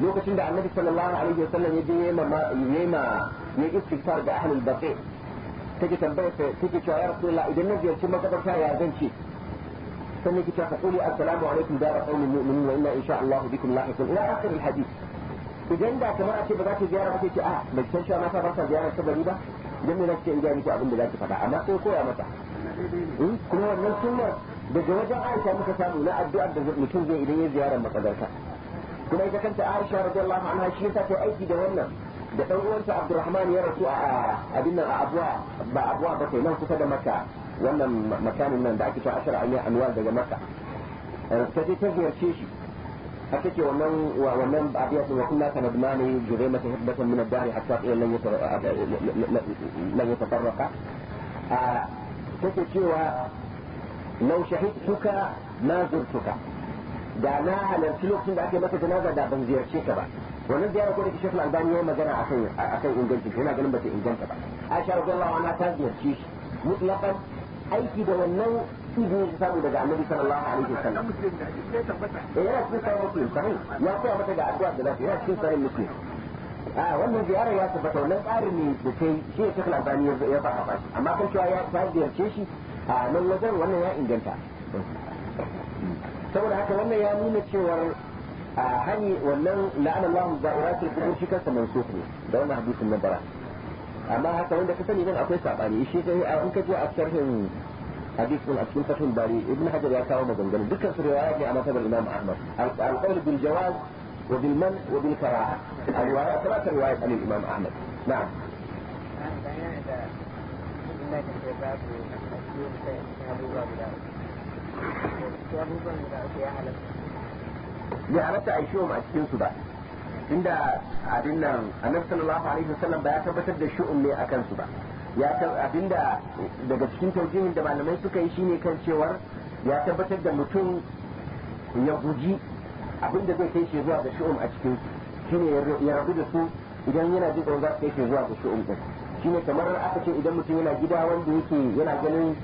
lokacin da Annabi sallallahu alaihi wasallam ya je yema yema ya istighfar da ahlul baqi' تجي تنبيه تجي تشعر يا رسول الله إذا نجي يرسل ما قدر شعر يا زنشي تنجي تقولي السلام عليكم دار قوم المؤمنين وإلا إن شاء الله بكم لاحظون إلى آخر الحديث إذا عندها كما أتي بدأت زيارة بكي آه بل تنشى ما تبصى زيارة سبب إذا جميل أشياء إذا نجي أبن بلاد فتاة أما تقول يا مطا كنوا من سنة بجواجة عائشة مكسام لا أدو أبدا نتوزي إليه زيارة مقدرتها كما إذا كنت عائشة رضي الله عنها شيرتها في أيدي دولنا دخلوا عبد الرحمن يرى سوء ابينا آه، ابواء ابواء بكي لو تسد مكة وانا مكان انا دعك شو عشر عمياء انوال دقى مكة آه، كذي تنهي رشيشي حكيت ومن ومن ابيات وكنا كندماني جريمة هبة من الدار حتى إيه لن آه، لن يتطرق كذي شو لو شهدتك ما زرتك دعنا على الفلوس من بعد ما تتنازل دعنا زيارتك بعد wannan ziyara ko da Sheikh Al-Albani yayi magana a kan inganci yana ganin bata inganta ba Aisha radiyallahu anha ta ziyarci shi mutlaqan aiki da wannan ido ya samu daga Annabi sallallahu alaihi wasallam eh yana cikin sahih muslim sahih ya koya mata da addu'a da lafiya yana cikin sahih muslim a wannan ziyara ya tabbata wannan tsarin ne da kai shi Sheikh Al-Albani ya faɗa ba amma kan cewa ya ta ziyarce shi a nan wajen wannan ya inganta saboda haka wannan ya nuna cewar هني ولن لأن الله ذوات الحدود شكا سمنسوخني دون حديث النبرة أما حتى وين ده كتن يمن أقوي سابعني إشي كي أمك جوا أكثر هم حديث من أكثر فتح الباري ابن حجر يأتاو مدنجل ذكر في رواية أما تبع الإمام أحمد القول بالجواز وبالمن وبالكراعة الرواية ثلاثة رواية عن الإمام أحمد نعم يعني إذا ya halatta a yi shi'um a cikin su ba inda abin nan annabi sallallahu alaihi wasallam ba ya tabbatar da shi'um ne a kansu ba ya abinda daga cikin taujihin da malamai suka yi shine kan cewar ya tabbatar da mutum ya guji abinda zai kai shi zuwa ga shi'um a cikin shine ya rabu da su idan yana jin za su kai shi zuwa ga shi'um din shine kamar aka ce idan mutum yana gida wanda yake yana ganin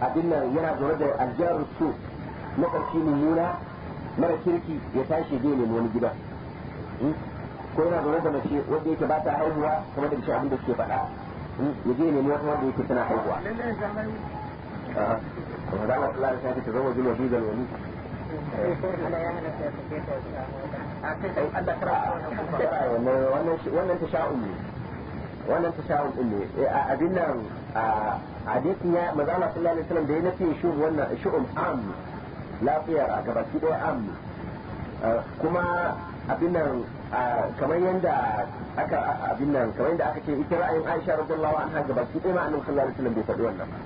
abin nan yana zaune da aljaru su ƙarshe mummuna mara kirki ya tashi zai nemi wani gida ko yana zaune da mace wanda yake ba ta haihuwa kamar da shi abin da suke faɗa ya je nemi wata wanda yake tana haihuwa kuma da Allah Allah ya tafi zama jin wani da wani wannan tasha'un ne wannan tasha'un din ne abin nan a hadisin ya maza Allah sallallahu alaihi wasallam da ya nafi shu'un wannan shu'un am lafiyar a gabaki ɗaya amma eh, kuma abin nan kamar yadda aka abin nan kamar yadda aka ce ita ra'ayin Aisha radiyallahu anha shi ɗaya ma annabi sallallahu alaihi wasallam bai faɗi wannan ba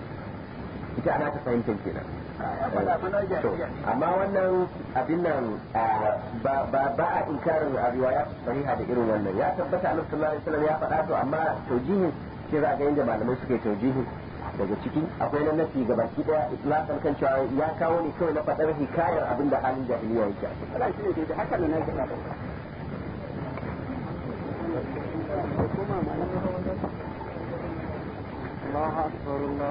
ita ana ta fahimtar kenan eh, amma wannan abin nan ba a inkarin riwaya sahiha da irin wannan ya tabbata annabi sallallahu alaihi wasallam ya faɗa to amma taujihin ke za ga yadda malamai suke taujihin daga ciki akwai na nafi ga baki daya itlaqan kan cewa ya kawo ne kawai na fadar hikayar abin da halin jahiliya yake a